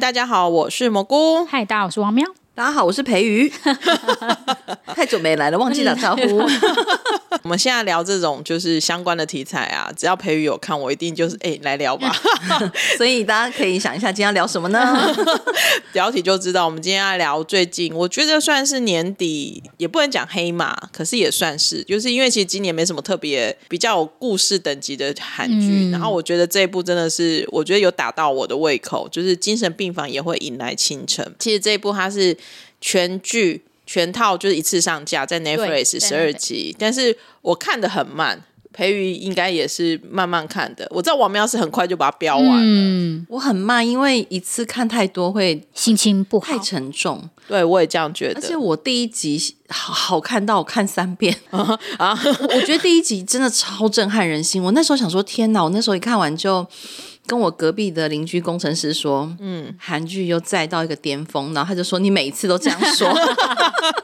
大家好，我是蘑菇。嗨，大家好，我是王喵。大家好，我是培瑜， 太久沒來了，忘記打招呼。 我們現在聊這種就是相關的題材啊，只要培瑜有看，我一定就是哎、欸、來聊吧。 所以大家可以想一下，今天要聊什麼呢？聊 題就知道，我們今天要來聊最近，我覺得算是年底，也不能講黑馬，可是也算是，就是因為其實今年沒什麼特別比較有故事等級的韓劇，嗯，然後我覺得這一部真的是，我覺得有打到我的胃口，就是《精神病房也會迎來清晨》。其實這一部它是。全劇全套就是一次上架在 Netflix 十二集，但是我看得很慢，培瑜應該也是慢慢看的。我知道王喵是很快就把它飆完，嗯，我很慢，因為一次看太多會心情不好，太沉重。對我也這樣覺得。而且我第一集好好看到我看三遍啊， 我覺得第一集真的超震撼人心。我那時候想說天哪，我那時候一看完就跟我隔壁的鄰居工程師說：“嗯，韓劇又再到一個巔峰。”然後他就說：“你每一次都這樣說。 ”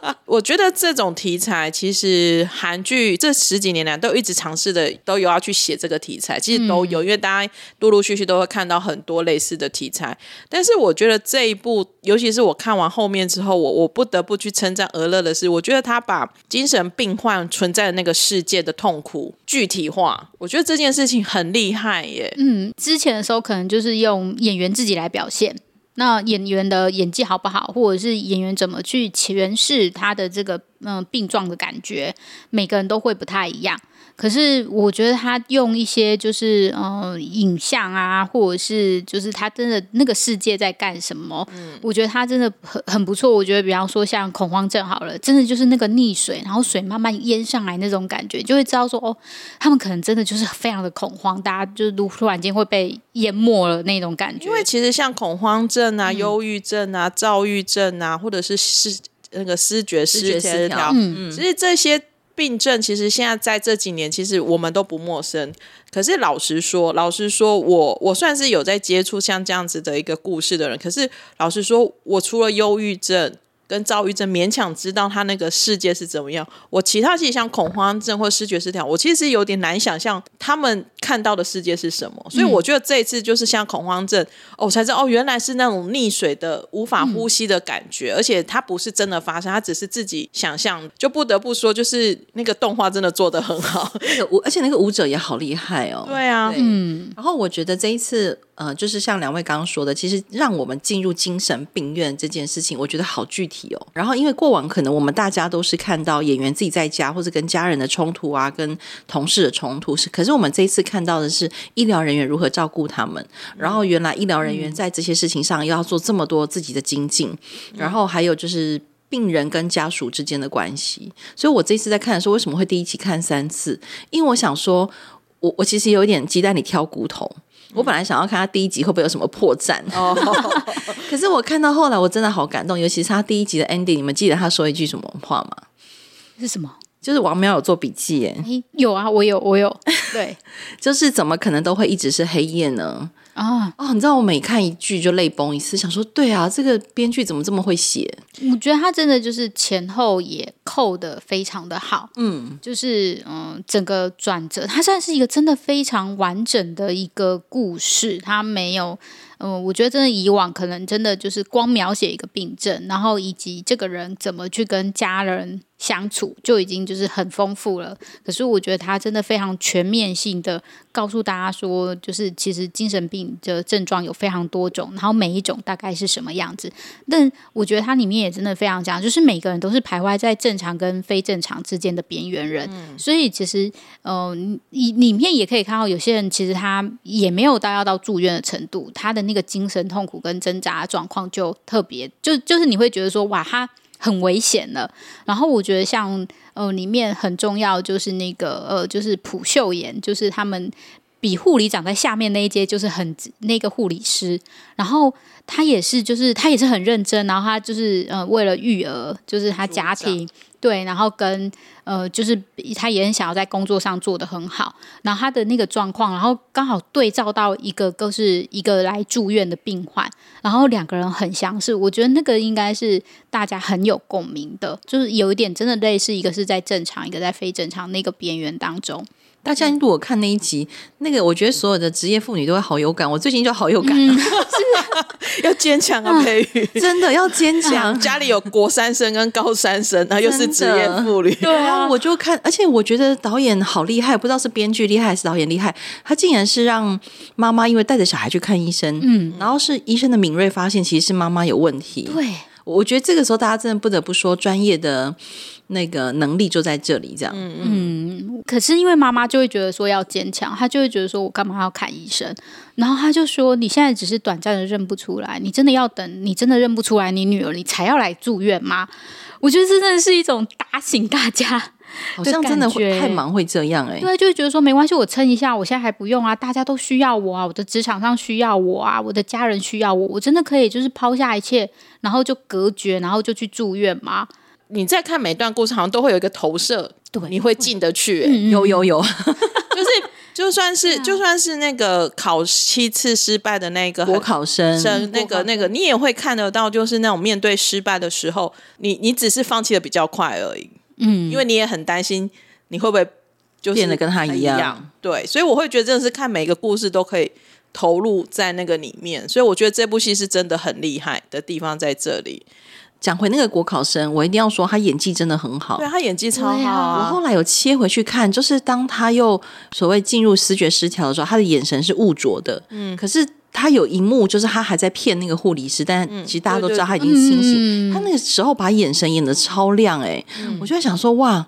我覺得這種題材其實韓劇這十幾年來都一直嘗試的都有要去寫這個題材，其實都有，嗯、因為大家陸陸續續都會看到很多類似的題材。但是我覺得這一部，尤其是我看完後面之後，我我不得不去稱讚《俄勒》的是，我覺得他把精神病患存在的那個世界的痛苦具體化，我覺得這件事情很厲害耶。嗯，之前的時候可能就是用演員自己來表現。那演員的演技好不好，或者是演員怎麼去詮釋他的這個嗯病狀的感覺，每個人都會不太一樣。可是我覺得他用一些就是嗯、呃、影像啊，或者是就是他真的那個世界在幹什麼？嗯、我覺得他真的很很不錯。我覺得比方說像恐慌症好了，真的就是那個溺水，然後水慢慢淹上來那種感覺，就會知道說哦，他們可能真的就是非常的恐慌，大家就突然間會被淹沒了那種感覺。因為其實像恐慌症啊、嗯、憂鬱症啊、躁鬱症啊，或者是失、嗯、那個思覺、思覺失調，嗯嗯，其實這些。病症其實現在在這幾年，其實我們都不陌生。可是老實說，老實說我，我我算是有在接觸像這樣子的一個故事的人。可是老實說，我除了憂鬱症。跟躁鬱症勉強知道他那個世界是怎麼樣，我其他其實像恐慌症或思覺失調，我其實有點難想象他們看到的世界是什麼，所以我覺得這一次就是像恐慌症，嗯、哦，我才知道哦，原來是那種溺水的無法呼吸的感覺、嗯，而且它不是真的發生，它只是自己想象，就不得不說，就是那個動畫真的做得很好、那個舞，而且那個舞者也好厲害哦，對啊對，嗯，然後我覺得這一次。呃，就是像兩位剛剛說的，其實讓我們進入精神病院這件事情，我覺得好具體哦。然後，因為過往可能我們大家都是看到演員自己在家或者跟家人的衝突啊，跟同事的衝突是，可是我們這一次看到的是醫療人員如何照顧他們。然後，原來醫療人員在這些事情上又要做這麼多自己的精進。然後還有就是病人跟家屬之間的關係。所以我這次在看的時候，為什麼會第一集看三次？因為我想說我，我我其實有一點雞蛋裡挑骨頭。我本來想要看他第一集會不會有什麼破綻，哦，可是我看到後來我真的好感動，尤其是他第一集的 ending，你們記得他說一句什麼話嗎？是什麼？就是王淼有做筆記耶。欸，有啊，我有，我有， 對，就是怎麼可能都會一直是黑夜呢？啊、哦哦、你知道我每看一句就淚崩一次，想說對啊，這個編劇怎麼這麼會寫？我覺得他真的就是前後也扣得非常的好，嗯，就是嗯，整個轉折，它算是一個真的非常完整的一個故事，它沒有。嗯，我覺得真的以往可能真的就是光描寫一個病症，然後以及這個人怎麼去跟家人相處，就已經就是很豐富了。可是我覺得他真的非常全面性的告訴大家說，就是其實精神病的症狀有非常多種，然後每一種大概是什麼樣子。但我覺得他裡面也真的非常講，就是每個人都是徘徊在正常跟非正常之間的邊緣人。嗯、所以其實，嗯、呃，裡面也可以看到，有些人其實他也沒有到要到住院的程度，他的那個。一個精神痛苦跟掙扎狀況就特別，就就是你會覺得說，哇，他很危險了。然後我覺得像呃，裡面很重要就是那個呃，就是普秀妍，就是他們。比護理長在下面那一階，就是很那個護理師，然後他也是，就是他也是很認真，然後他就是呃為了育兒，就是他家庭對，然後跟呃就是他也很想要在工作上做得很好，然後他的那個狀況，然後剛好對照到一個就是一個來住院的病患，然後兩個人很相似，我覺得那個應該是大家很有共鳴的，就是有一點真的類似一個是在正常，一個在非正常那個邊緣當中。大家如果看那一集，那個我覺得所有的職業婦女都會好有感。我最近就好有感、啊，嗯、是是 要堅強啊，啊，培瑜，真的要堅強、啊。家裡有國三生跟高三生，然後又是職業婦女，對。啊，我就看，而且我覺得導演好厲害，不知道是編劇厲害還是導演厲害，他竟然是讓媽媽因為帶着小孩去看醫生，嗯，然後是醫生的敏銳發現，其實是媽媽有問題。對，我覺得這個時候大家真的不得不說專業的。那個能力就在這裡，這樣。嗯嗯。可是因為媽媽就會覺得說要堅強，她就會覺得說我幹嘛要看醫生？然後她就說你現在只是短暫的認不出來，你真的要等你真的認不出來你女兒，你才要來住院嗎？我覺得這真的是一種打醒大家，好像真的會太忙會這樣哎、欸。因為就會覺得說沒關係，我撐一下，我現在還不用啊，大家都需要我啊，我的職場上需要我啊，我的家人需要我，我真的可以就是拋下一切，然後就隔絕，然後就去住院嗎？你在看每段故事，好像都會有一個投射、欸，對，對，你會進得去。有有有， 就是就算是就算是那個考七次失敗的那個國考生，那個那個，你也會看得到，就是那種面對失敗的時候，你你只是放棄的比較快而已，嗯，因為你也很擔心你會不會就變得跟他一樣，對，所以我會覺得真的是看每個故事都可以投入在那個裡面，所以我覺得這部戲是真的很厲害的地方在這裡。講回那個國考生，我一定要說他演技真的很好。對，他演技超好，啊。我後來有切回去看，就是當他又所謂進入思覺失調的時候，他的眼神是霧濁的。嗯，可是他有一幕就是他還在騙那個護理師，但其實大家都知道他已經清醒。嗯對對對嗯、他那個時候把眼神演得超亮哎，欸嗯，我就在想說哇，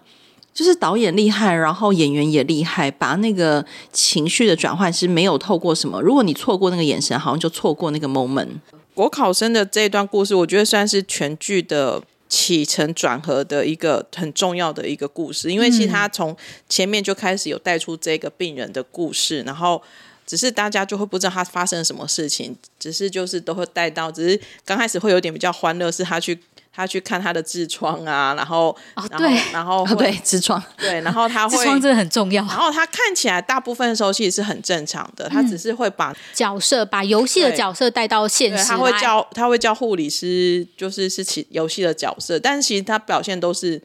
就是導演厲害，然後演員也厲害，把那個情緒的轉換是沒有透過什麼。如果你錯過那個眼神，好像就錯過那個 moment。國考生的這一段故事，我覺得算是全劇的起承轉合的一個很重要的一個故事，因為其實他從前面就開始有帶出這個病人的故事，然後只是大家就會不知道他發生了什麼事情，只是就是都會帶到，只是剛開始會有點比較歡樂，是他去。他去看他的痔瘡啊，然、哦對，然後，然後，然、哦、後對痔瘡，對，然後他會痔瘡真的很重要。然後他看起來大部分的時候其實是很正常的，嗯、他只是會把角色把遊戲的角色帶到現實。他會叫他會叫護理師，就是是其遊戲的角色，但是其實他表現都是。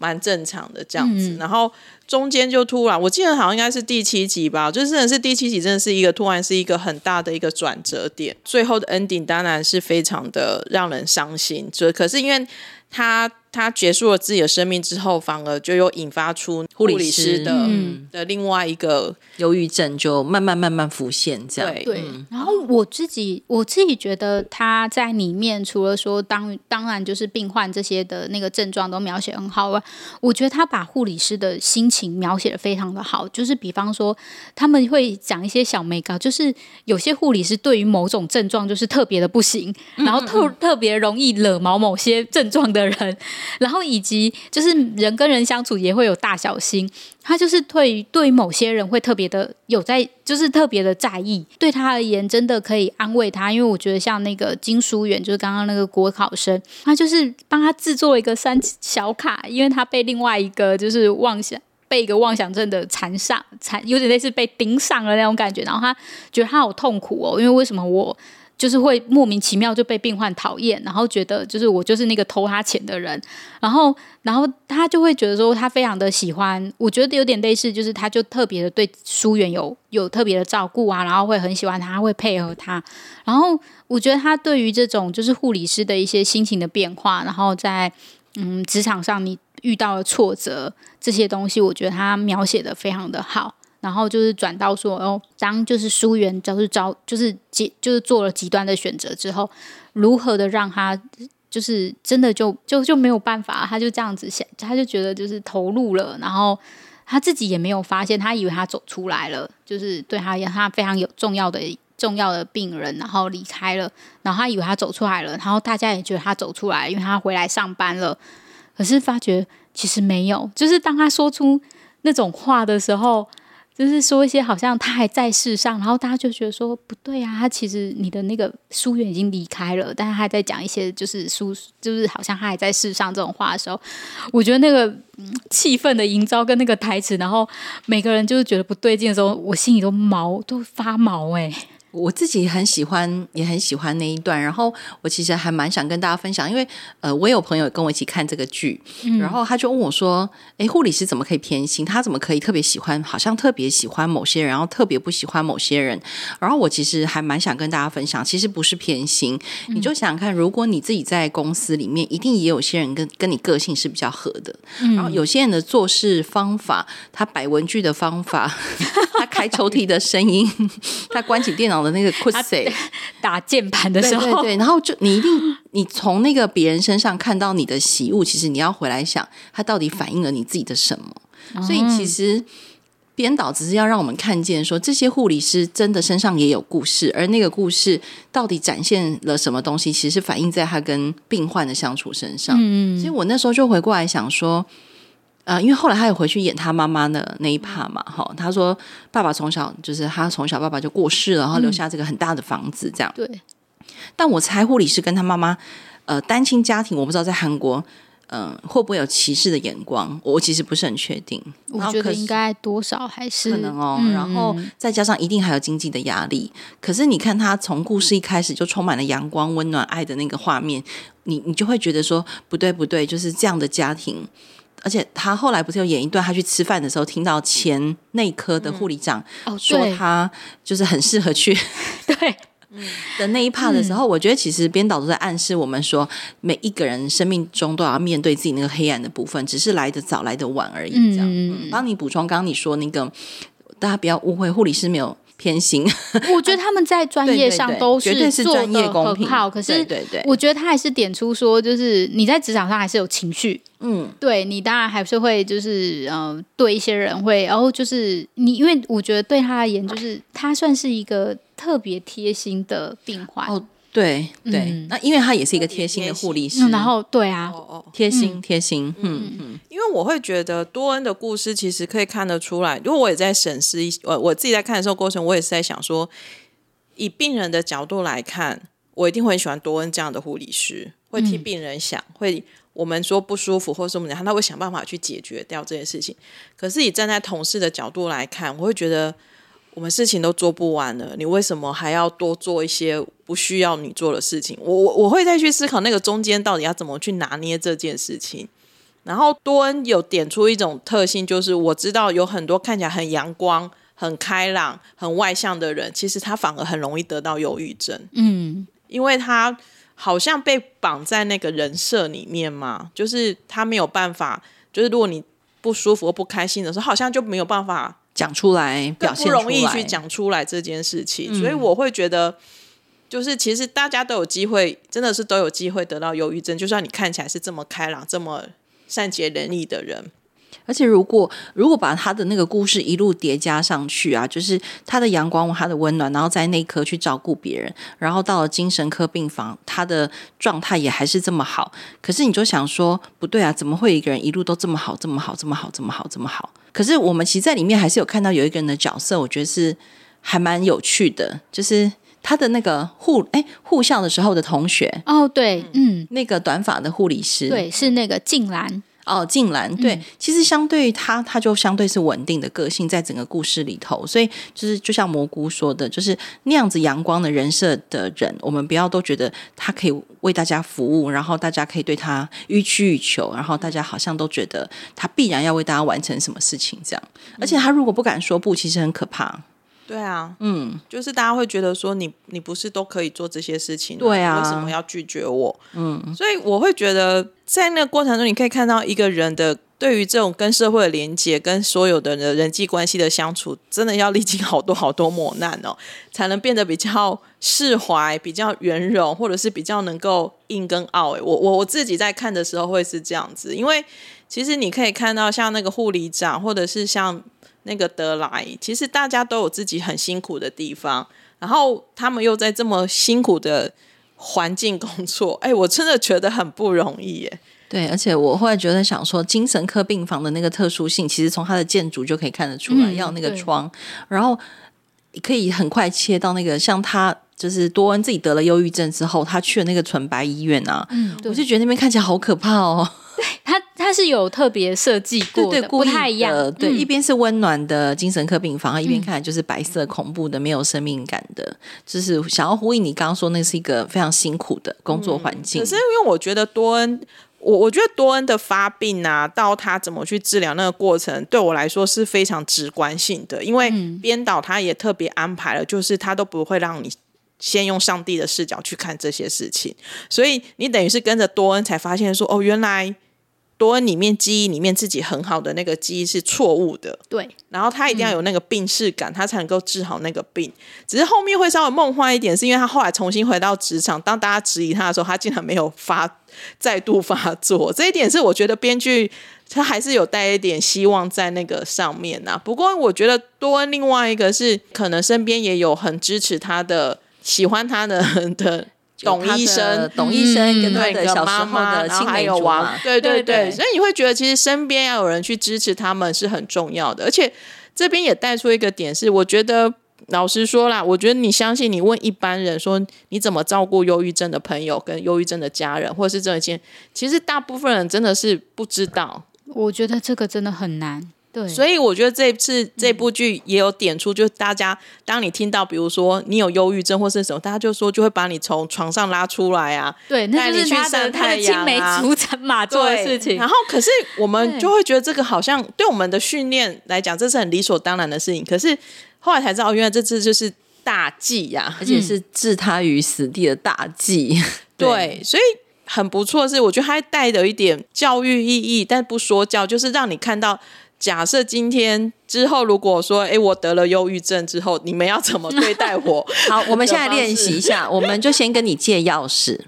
蠻正常的這樣子，嗯，然後中間就突然，我記得好像應該是第七集吧，就是真的是第七集，真的是一個突然，是一個很大的一個轉折點。最後的 ending 當然是非常的讓人傷心，就可是因為。他他結束了自己的生命之後，反而就又引發出護理師的理師、嗯、的另外一個憂鬱症，就慢慢慢慢浮現這樣。對、對、嗯，然後我自己我自己覺得他在裡面除了說當當然就是病患這些的那個症狀都描寫很好了，我覺得他把護理師的心情描寫得非常的好，就是比方說他們會講一些小眉角，就是有些護理師對於某種症狀就是特別的不行，然後特嗯嗯嗯特別容易惹毛某些症狀的人，然後以及就是人跟人相處也會有大小心，他就是對於對於某些人會特別的有在，就是特別的在意。對他而言，真的可以安慰他，因為我覺得像那個金淑媛，就是剛剛那個國考生，他就是幫他制作一個三小卡，因為他被另外一個就是妄想被一個妄想症的纏上，纏有點類似被盯上了那種感覺。然後他覺得他好痛苦哦，因為為什麼我？就是會莫名其妙就被病患討厭，然後覺得就是我就是那個偷他錢的人，然後然後他就會覺得說他非常的喜歡，我覺得有點類似，就是他就特別的對書遠有有特別的照顧啊，然後會很喜歡他，會配合他，然後我覺得他對於這種就是護理師的一些心情的變化，然後在嗯職場上你遇到了挫折這些東西，我覺得他描寫的非常的好。然後就是轉到說，哦，當就是疏遠，就是招，就是極，就是做了極端的選擇之後，如何的讓他就是真的就就就沒有辦法，他就這樣子想，他就覺得就是投入了，然後他自己也沒有發現，他以為他走出來了，就是對他有他非常有重要的重要的病人，然後離開了，然後他以為他走出來了，然後大家也覺得他走出來，因為他回來上班了，可是發覺其實沒有，就是當他說出那種話的時候。就是說一些好像他還在世上，然後大家就覺得說不對啊，他其實你的那個書遠已經離開了，但是他在講一些就是書就是好像他還在世上這種話的時候， 我覺得那個氣氛的營造跟那個台詞，然後每個人就是覺得不對勁的時候，我心裡都毛都發毛哎、欸。我自己很喜歡，也很喜歡那一段。然後我其實還蠻想跟大家分享，因為呃，我有朋友跟我一起看這個劇，嗯、然後他就問我說：“哎、欸，護理師怎麼可以偏心？他怎麼可以特別喜歡，好像特別喜歡某些人，然後特別不喜歡某些人？”然後我其實還蠻想跟大家分享，其實不是偏心。嗯、你就想想看，如果你自己在公司裡面，一定也有些人跟跟你個性是比較合的、嗯，然後有些人的做事方法，他擺文具的方法， 他開抽屜的聲音， 他關起電腦。那個，打鍵盤的時候，對，對，對，然後就你一定，你從那個別人身上看到你的喜惡。其實你要回來想，他到底反映了你自己的什麼？所以其實編導只是要讓我們看見說，說這些護理師真的身上也有故事，而那個故事到底展現了什麼東西？其實反映在他跟病患的相處身上。所以我那時候就回過來想說。呃，因為後來他有回去演他媽媽的那一 part 嘛，哈，他說爸爸從小就是他從小爸爸就過世了，然後留下這個很大的房子這樣。嗯、對，但我猜護理師跟他媽媽，呃，單親家庭，我不知道在韓國，嗯、呃，會不會有歧視的眼光？我其實不是很確定。我覺得應該多少還是，可是可能哦、嗯，然後再加上一定還有經濟的壓力、嗯嗯。可是你看他從故事一開始就充滿了陽光、溫暖、愛的那個畫面，你你就會覺得說不對不對，就是這樣的家庭。而且他後來不是有演一段，他去吃飯的時候，聽到前內科的護理長說他就是很適合去，嗯哦、對 的那一 part 的時候、嗯，我覺得其實編導都在暗示我們說，每一個人生命中都要面對自己那個黑暗的部分，只是來得早來得晚而已。這樣、嗯，幫你補充，剛剛你說那個，大家不要誤會，護理師沒有。偏心， 我覺得他們在專業上都是，對對對，絕對是專業公平做的很好。可是，對對，我覺得他還是點出說，就是你在職場上還是有情緒，嗯，對你當然還是會就是呃，對一些人會，然後、哦、就是你，因為我覺得對他而言，就是他算是一個特別貼心的病患。哦對對、嗯，那因為他也是一個貼心的護理師，嗯、然後對啊，貼心貼心，嗯嗯，嗯，嗯，嗯。因為我會覺得多恩的故事其實可以看得出來，如果我也在審視一，我我自己在看的時候過程，我也是在想說，以病人的角度來看，我一定會很喜歡多恩這樣的護理師，會替病人想、嗯，會我們說不舒服或者什麼的，他他會想辦法去解決掉這件事情。可是以站在同事的角度來看，我會覺得。我們事情都做不完了，你為什麼還要多做一些不需要你做的事情？我我我會再去思考那個中間到底要怎麼去拿捏這件事情。然後多恩有點出一種特性，就是我知道有很多看起來很陽光、很開朗、很外向的人，其實他反而很容易得到憂鬱症。嗯，因為他好像被綁在那個人設裡面嘛，就是他沒有辦法，就是如果你不舒服、不開心的時候，好像就沒有辦法。講出來，更不容易去講出來這件事情，嗯，所以我會覺得，就是其實大家都有機會，真的是都有機會得到憂鬱症。就算你看起來是這麼開朗、這麼善解人意的人，嗯，而且如果如果把他的那個故事一路疊加上去啊，就是他的陽光、他的溫暖，然後在內科去照顧別人，然後到了精神科病房，他的狀態也還是這麼好。可是你就想說，不對啊，怎麼會一個人一路都這麼好、這麼好、這麼好、這麼好、這麼好？可是我們其實在裡面還是有看到有一個人的角色，我覺得是還蠻有趣的，就是他的那個護，誒，護校的時候的同學。哦，對。嗯，那個短髮的護理師對，是那個靜蘭哦。靜蘭，對、嗯、其實相對於他，他就相對是穩定的個性在整個故事裡頭，所以就是就像蘑菇說的，就是那樣子陽光的人設的人，我們不要都覺得他可以。為大家服務，然後大家可以對他予取予求，然後大家好像都覺得他必然要為大家完成什麼事情，這樣、嗯。而且他如果不敢說不，其實很可怕。對啊，嗯，就是大家會覺得說你你不是都可以做這些事情啊，對啊，為什麼要拒絕我？嗯，所以我會覺得在那個過程中，你可以看到一個人的對於這種跟社會的連接、跟所有的人人際關係的相處，真的要歷經好多好多磨難哦，才能變得比較釋懷、比較圓融，或者是比較能夠硬跟傲。哎，我我我自己在看的時候會是這樣子，因為其實你可以看到像那個護理長，或者是像。那個得來，其實大家都有自己很辛苦的地方，然後他們又在這麼辛苦的環境工作，哎，我真的覺得很不容易耶。對，而且我後來覺得想說，精神科病房的那個特殊性，其實從它的建築就可以看得出來，嗯、要那個窗，然後可以很快切到那個像他。就是多恩自己得了憂鬱症之後，他去了那個純白醫院啊，嗯、我就覺得那邊看起來好可怕哦。對，他他是有特別設計過的對,對,對的，不太一樣。對，一邊是溫暖的精神科病房，嗯、一邊看來就是白色恐怖的、嗯，沒有生命感的，就是想要呼應你剛剛說那是一個非常辛苦的工作環境、嗯。可是因為我覺得多恩，我我覺得多恩的發病啊，到他怎麼去治療那個過程，對我來說是非常直觀性的，因為編導他也特別安排了，就是他都不會讓你。先用上帝的視角去看這些事情，所以你等於是跟着多恩才發現說，哦，原來多恩裡面記憶裡面自己很好的那個記憶是錯誤的。對，然後他一定要有那個病識感，嗯，他才能夠治好那個病。只是後面會稍微夢幻一點，是因為他後來重新回到職場，當大家質疑他的時候，他竟然沒有發再度發作。這一點是我覺得編劇他還是有帶一點希望在那個上面啊。不過我覺得多恩另外一個是可能身邊也有很支持他的。喜歡他的，他的董醫生，董醫生跟他的小時候的親友、啊嗯嗯嗯啊，然後還有娃，對對對，所以你會覺得其實身邊要有人去支持他們是很重要的，而且這邊也帶出一個點是，我覺得老實說啦，我覺得你相信你問一般人說，你怎麼照顧憂鬱症的朋友跟憂鬱症的家人或是這些，其實大部分人真的是不知道，我覺得這個真的很難。對，所以我覺得這次、嗯、這部劇也有點出，就是大家，當你聽到，比如說你有憂鬱症或是什麼，大家就說就會把你從床上拉出來啊，對，去啊、那就是他的他的青梅竹馬做的事情。然後，可是我們就會覺得這個好像對我們的訓練來講，這是很理所當然的事情。可是後來才知道，原來這次就是大忌呀、啊嗯，而且是置他於死地的大忌。對，對所以很不錯是，是我覺得還帶着一點教育意義，但不說教，就是讓你看到。假設今天之後，如果說，哎、欸，我得了憂鬱症之後，你們要怎麼對待我？ 好，我們現在練習一下， 我們就先跟你借鑰匙，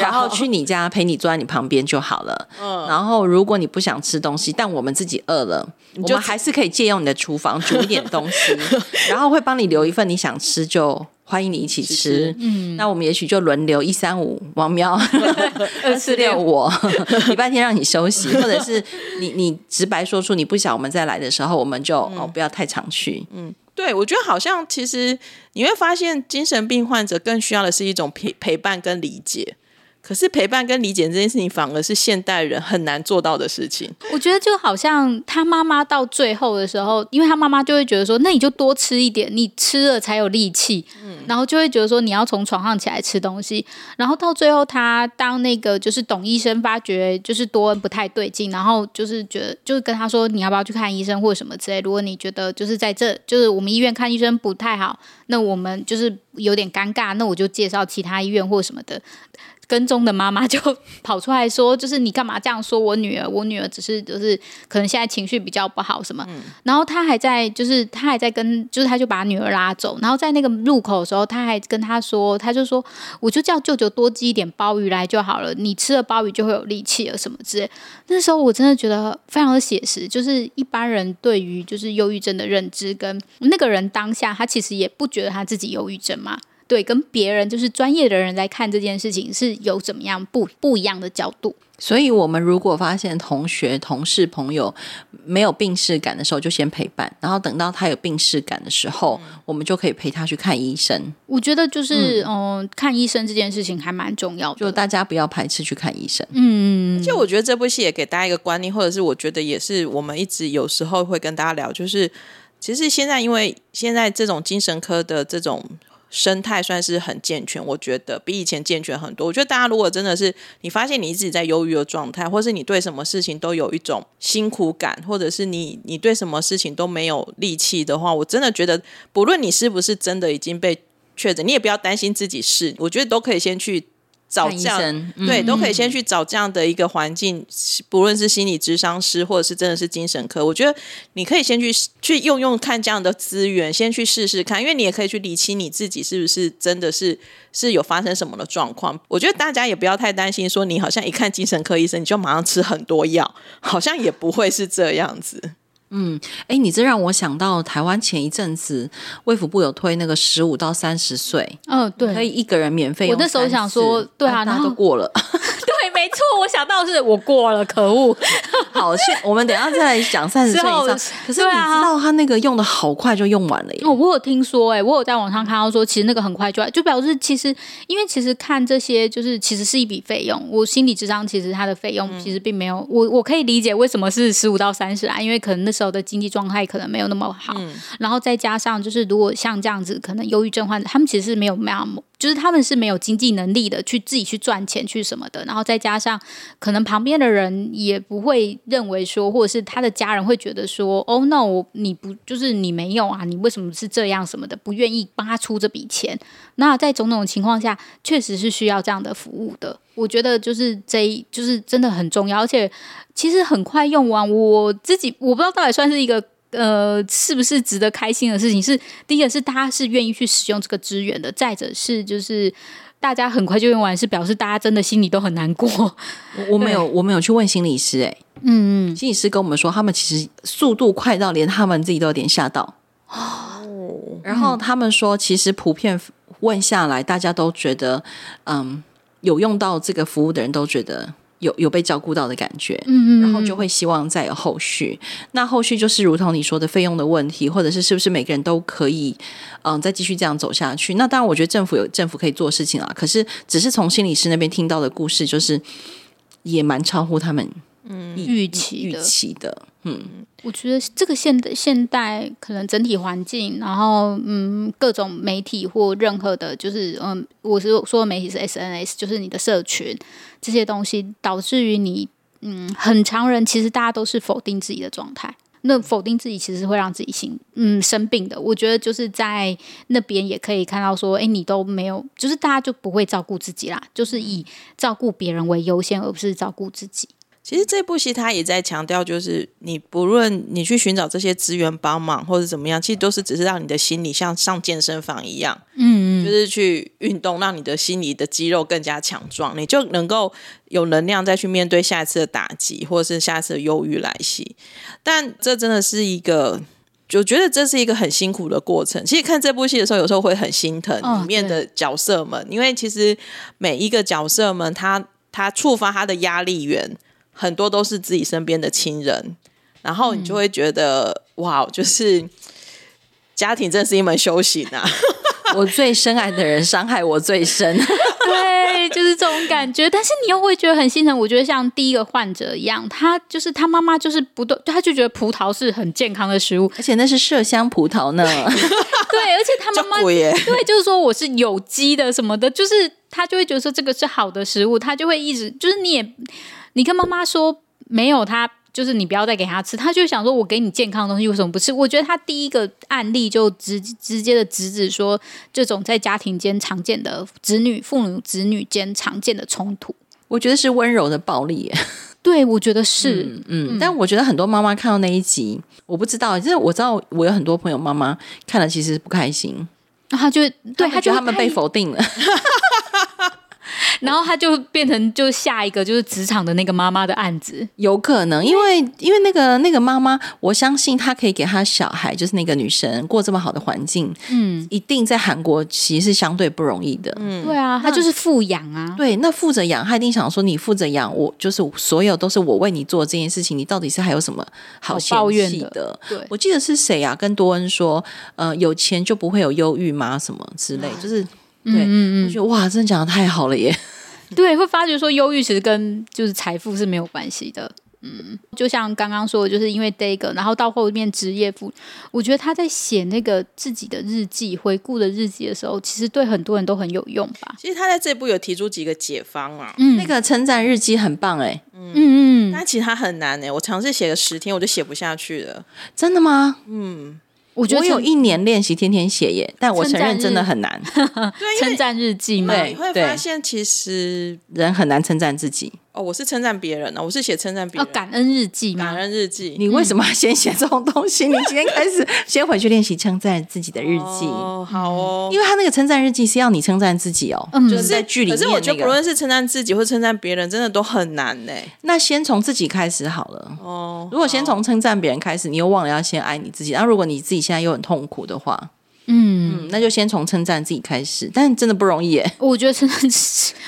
然後去你家陪你坐在你旁邊就好了、嗯。然後如果你不想吃東西，但我們自己餓了，我們還是可以借用你的廚房煮一點東西， 然後會幫你留一份你想吃就。歡迎你一起吃，吃吃嗯、那我們也許就輪流一三五王喵，呵呵二四六我，禮拜天讓你休息，呵呵或者是你你直白說出你不想我們再來的時候，我們就、嗯、哦，不要太常去。嗯，對，我覺得好像其實你會發現精神病患者更需要的是一種陪陪伴跟理解。可是陪伴跟理解這件事情，反而是現代人很難做到的事情。我覺得就好像他媽媽到最後的時候，因為他媽媽就會覺得說，那你就多吃一點，你吃了才有力氣。嗯，然後就會覺得說，你要從床上起來吃東西。然後到最後，他當那個就是董醫生發覺就是多恩不太對勁，然後就是覺得就跟他說，你要不要去看醫生或者什麼之類？如果你覺得就是在這就是我們醫院看醫生不太好，那我們就是有點尷尬，那我就介紹其他醫院或什麼的。跟蹤的媽媽就跑出來說：“就是你幹嘛這樣說我女兒？我女兒只是就是可能現在情緒比較不好什麼。嗯”然後他還在就是他還在跟就是他就把她女兒拉走。然後在那個路口的時候，他還跟她說：“他就說我就叫舅舅多寄一點鮑魚來就好了，你吃了鮑魚就會有力氣了什麼之類。”那時候我真的覺得非常的寫實，就是一般人對於就是憂鬱症的認知跟，跟那個人當下他其實也不覺得他自己憂鬱症嘛。對，跟別人就是專業的人在看這件事情是有怎麼樣不不一樣的角度。所以，我們如果發現同學、同事、朋友沒有病識感的時候，就先陪伴；然後等到他有病識感的時候、嗯，我們就可以陪他去看醫生。我覺得就是，嗯、呃，看醫生這件事情還蠻重要的，就大家不要排斥去看醫生。嗯嗯嗯。就我覺得這部戲也給大家一個觀念，或者是我覺得也是我們一直有時候會跟大家聊，就是其實現在因為現在這種精神科的這種。生態算是很健全，我覺得比以前健全很多。我覺得大家如果真的是你發現你自己在憂鬱的狀態，或是你對什麼事情都有一種辛苦感，或者是你你對什麼事情都沒有力氣的話，我真的覺得，不論你是不是真的已經被確診，你也不要擔心自己是，我覺得都可以先去。找這樣醫生，嗯嗯對，都可以先去找這樣的一個環境，不論是心理諮商師，或者是真的是精神科。我覺得你可以先去去用用看這樣的資源，先去試試看，因為你也可以去理清你自己是不是真的是是有發生什麼的狀況。我覺得大家也不要太擔心，說你好像一看精神科醫生你就馬上吃很多藥，好像也不會是這樣子。嗯，哎、欸，你這讓我想到台灣前一陣子衛福部有推那個十五到三十歲，嗯、哦，對，可以一個人免費用。我那時候想說，對啊，那都過了。 沒錯，我想到的是我過了，可惡！ 好像我們等一下再來講三十歲以上。可是你知道他那個用的好快就用完了耶。我有聽說、欸，哎,我有在網上看到說，其實那個很快就來就表示其實，因為其實看這些就是其實是一筆費用。我心理智商其實他的費用其實並沒有，嗯、我我可以理解為什麼是十五到三十啊，因為可能那時候的經濟狀態可能沒有那麼好、嗯，然後再加上就是如果像這樣子，可能憂鬱症患者他們其實是沒有那麼就是他們是沒有經濟能力的，去自己去賺錢去什麼的，然後再加上可能旁邊的人也不會認為說，或者是他的家人會覺得說，哦，那、no, 我你不就是你沒有啊，你為什麼是這樣什麼的，不願意幫他出這筆錢？那在種種情況下，確實是需要這樣的服務的。我覺得就是這一，就是真的很重要，而且其實很快用完，我自己我不知道到底算是一個。呃，是不是值得開心的事情？是第一個是大家是願意去使用這個資源的，再者是就是大家很快就用完，是表示大家真的心裡都很難過。我沒有，我沒有去問心理師、欸，哎、嗯，嗯，心理師跟我們說，他們其實速度快到連他們自己都有點嚇到。哦，然後他們說、嗯，其實普遍問下來，大家都覺得，嗯，有用到這個服務的人都覺得。有有被照顧到的感覺，嗯嗯，然後就會希望再有後續。那後續就是如同你說的費用的問題，或者是是不是每個人都可以嗯再繼續這樣走下去？那當然，我覺得政府有政府可以做事情啊。可是只是從心理師那邊聽到的故事，就是也蠻超乎他們。嗯，預期預期的，嗯，我覺得這個現代現代可能整體環境，然後嗯，各種媒體或任何的，就是嗯，我是說的媒體是 SNS，就是你的社群這些東西，導致於你嗯，很常人其實大家都是否定自己的狀態，那否定自己其實會讓自己心嗯生病的。我覺得就是在那邊也可以看到說，哎、欸，你都沒有，就是大家就不會照顧自己啦，就是以照顧別人為優先，而不是照顧自己。其實這部戲他也在強調，就是你不論你去尋找這些資源幫忙或者怎麼樣，其實都是只是讓你的心理像上健身房一樣，嗯，嗯，就是去運動，讓你的心理的肌肉更加強壯，你就能夠有能量再去面對下一次的打擊，或者是下一次的憂鬱來襲。但這真的是一個，我覺得這是一個很辛苦的過程。其實看這部戲的時候，有時候會很心疼裡面的角色們，哦，因為其實每一個角色們，他他觸發他的壓力源。很多都是自己身邊的親人，然後你就會覺得、嗯、哇，就是家庭真是一門修行啊！ 我最深愛的人傷害我最深， 對，就是這種感覺。 但是你又會覺得很心疼。我覺得像第一個患者一樣，他就是他媽媽，就是不斷，他就覺得葡萄是很健康的食物，而且那是麝香葡萄呢。 對，而且他媽媽，對，就是說我是有機的什麼的，就是他就會覺得說這個是好的食物，他就會一直就是你也。你跟媽媽說沒有他，他就是你不要再給他吃。他就想說，我給你健康的東西，為什麼不吃？我覺得他第一個案例就直直接的直指說，這種在家庭間常見的子女、父母、子女間常見的衝突，我覺得是溫柔的暴力耶。對，我覺得是嗯嗯，嗯。但我覺得很多媽媽看到那一集，我不知道，就是我知道我有很多朋友媽媽看了，其實不開心，然、啊、後就對他覺得他們被否定了。 然後他就變成就是下一個就是職場的那個媽媽的案子，有可能，因為因為那個那個媽媽，我相信她可以給她小孩，就是那個女生過這麼好的環境，嗯，一定在韓國其實是相對不容易的，嗯，對啊，她就是富養啊，對，那富著養，她一定想說你富著養我，就是所有都是我為你做這件事情，你到底是還有什麼好，好抱怨的？對，我記得是誰啊？跟多恩說，呃，有錢就不會有憂鬱嗎？什麼之類，就是。嗯對，嗯,嗯嗯，我覺得哇，真的講得太好了耶！對，會發覺說憂鬱其實跟就是財富是沒有關係的，嗯，就像剛剛說的，就是因為這個，然後到後面職業富，我覺得他在寫那個自己的日記，回顧的日記的時候，其實對很多人都很有用吧。其實他在這部有提出幾個解方啊，嗯，那個稱讚日記很棒哎、欸嗯，嗯嗯，但其實他很難哎、欸，我嘗試寫了十天，我就寫不下去了，真的嗎？嗯。我覺得我有一年練習天天寫耶，但我承認真的很難。對， 稱讚日記嘛，對，會發現其實人很難稱讚自己。哦，我是稱讚別人呢，我是寫稱讚別人、哦。感恩日記嗎？感恩日記。你為什麼要先寫這種東西？嗯、你今天開始 先回去練習稱讚自己的日記。哦，好哦。嗯、因為他那個稱讚日記是要你稱讚自己哦，嗯、就是、嗯、在劇裡面、那個、可是我覺得不論是稱讚自己或稱讚別人，真的都很難呢、欸。那先從自己開始好了。哦。如果先從稱讚別人開始，你又忘了要先愛你自己。然後如果你自己現在又很痛苦的話。嗯，那就先從稱讚自己開始，但真的不容易誒。我覺得真的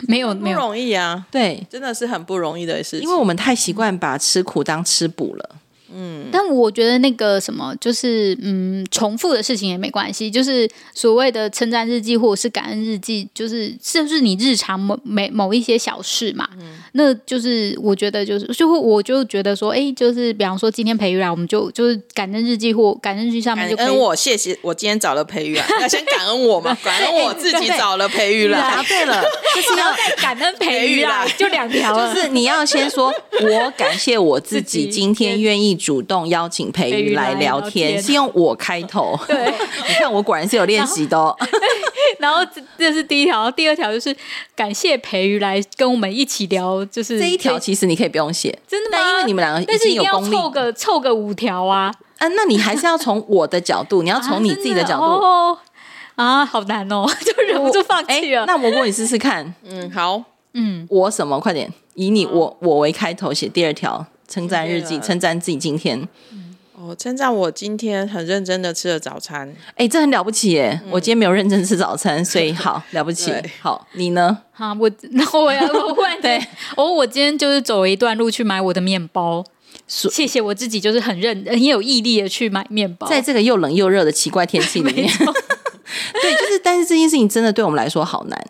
沒有那麼容易啊，對，真的是很不容易的事，因為我們太習慣把吃苦當吃補了。嗯，但我覺得那個什麼，就是嗯，重複的事情也沒關係。就是所謂的稱讚日記或者是感恩日記，就是是不是你日常某某某一些小事嘛、嗯？那就是我覺得就是就會我就覺得說，哎、欸，就是比方說今天培瑜了，我們就就是感恩日記或感恩日記上面就感恩、嗯嗯、我，謝謝我今天找了培瑜啊，要 先感恩我嘛， 感恩我自己找了培瑜了。 你答對了，就是要再感恩培瑜啊培瑜啦 就兩條了。就是你要先說，我感謝我自己今天願意。主動邀請培瑜來聊天，是用我開頭。對， 你看我果然是有練習的喔。然後，然後這是第一條，第二條就是感謝培瑜來跟我們一起聊。就是這一條，其實你可以不用寫。真的嗎？因為你們兩個已經有功力。但是一定要湊個湊個五條啊！啊，那你還是要從我的角度， 你要從你自己的角度啊，真的？哦哦啊，好難哦， 我 我就忍不住放棄了。欸，那我幫你試試看。嗯，好，嗯，我什麼？快點，以你我我為開頭寫第二條。稱讚日記，稱讚自己今天。嗯、哦，稱讚我今天很認真的吃了早餐。哎、欸，這很了不起耶、嗯！我今天沒有認真吃早餐，所以好了不起。好，你呢？哈，我那 我也不會。的哦，我今天就是走了一段路去買我的麵包，謝謝我自己就是很認、很有毅力的去買麵包，在這個又冷又熱的奇怪天氣裡面。 對，就是，但是這件事情真的對我們來說好難。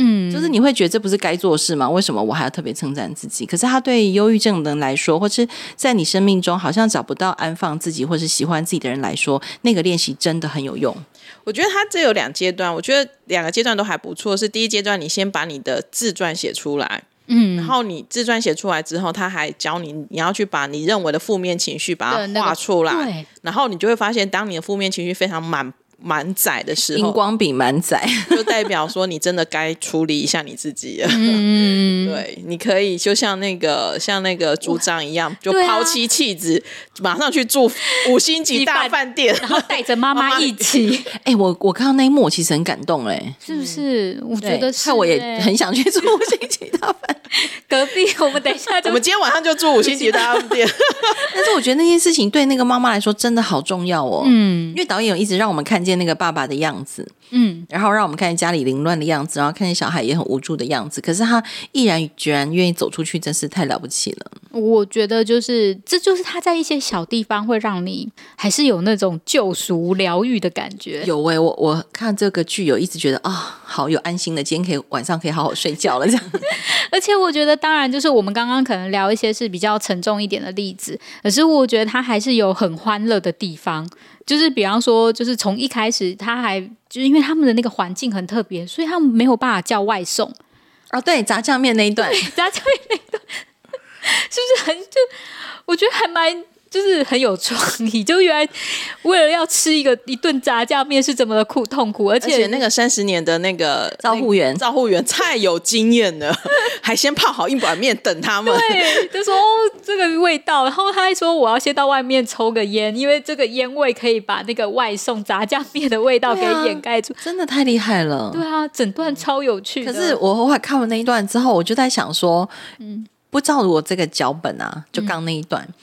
嗯，就是你會覺得這不是該做事嗎？為什麼我還要特別稱讚自己？可是他對憂鬱症的人來說，或是在你生命中好像找不到安放自己，或是喜歡自己的人來說，那個練習真的很有用。我覺得他這有兩階段，我覺得兩個階段都還不錯。是第一階段，你先把你的自傳寫出來，嗯，然後你自傳寫出來之後，他還教你你要去把你認為的負面情緒把它畫出來、那個，然後你就會發現，當你的負面情緒非常滿。滿載的時候，熒光筆滿載，就代表說你真的該處理一下你自己了。嗯，嗯，對，你可以就像那個像那個組長一樣，就拋妻棄子，馬上去住五星級大飯店，啊、然後帶着媽媽一起。哎，我我剛剛那一幕我其實很感動，哎，是不是、嗯？我覺得是、欸，那我也很想去住五星級大飯 隔壁，我們等一下，我們今天晚上就住五星級大飯店。 但是我覺得那件事情對那個媽媽來說真的好重要哦、喔。嗯，因為導演有一直讓我們看見。見那個爸爸的樣子，嗯，然後讓我們看見家裡凌亂的樣子，然後看見小孩也很無助的樣子，可是他毅然決然願意走出去，真是太了不起了。我覺得就是，這就是他在一些小地方會讓你還是有那種救贖、療癒的感覺。有哎、欸，我我看這個劇有一直覺得啊。哦好，有安心的，今天可以晚上可以好好睡覺了，這樣。而且我覺得，當然就是我們剛剛可能聊一些是比較沉重一點的例子，可是我覺得他還是有很歡樂的地方，就是比方說，就是從一開始他還就是因為他們的那個環境很特別，所以他們沒有辦法叫外送啊、哦。對，炸醬麵那一段，炸醬麵那一段 是不是很就？我覺得還蠻。就是很有創意，就原來為了要吃一個一頓炸醬麵是怎麼的苦痛苦，而且，而且那個三十年的那個照顧員，照顧員太有經驗了， 還先泡好一碗麵等他們。對，就說、哦、這個味道，然後他還說我要先到外面抽個煙，因為這個煙味可以把那個外送炸醬麵的味道給掩蓋住、啊，真的太厲害了。對啊，整段超有趣。可是我後來看完那一段之後，我就在想說，嗯，不知道我這個腳本啊，就剛那一段。嗯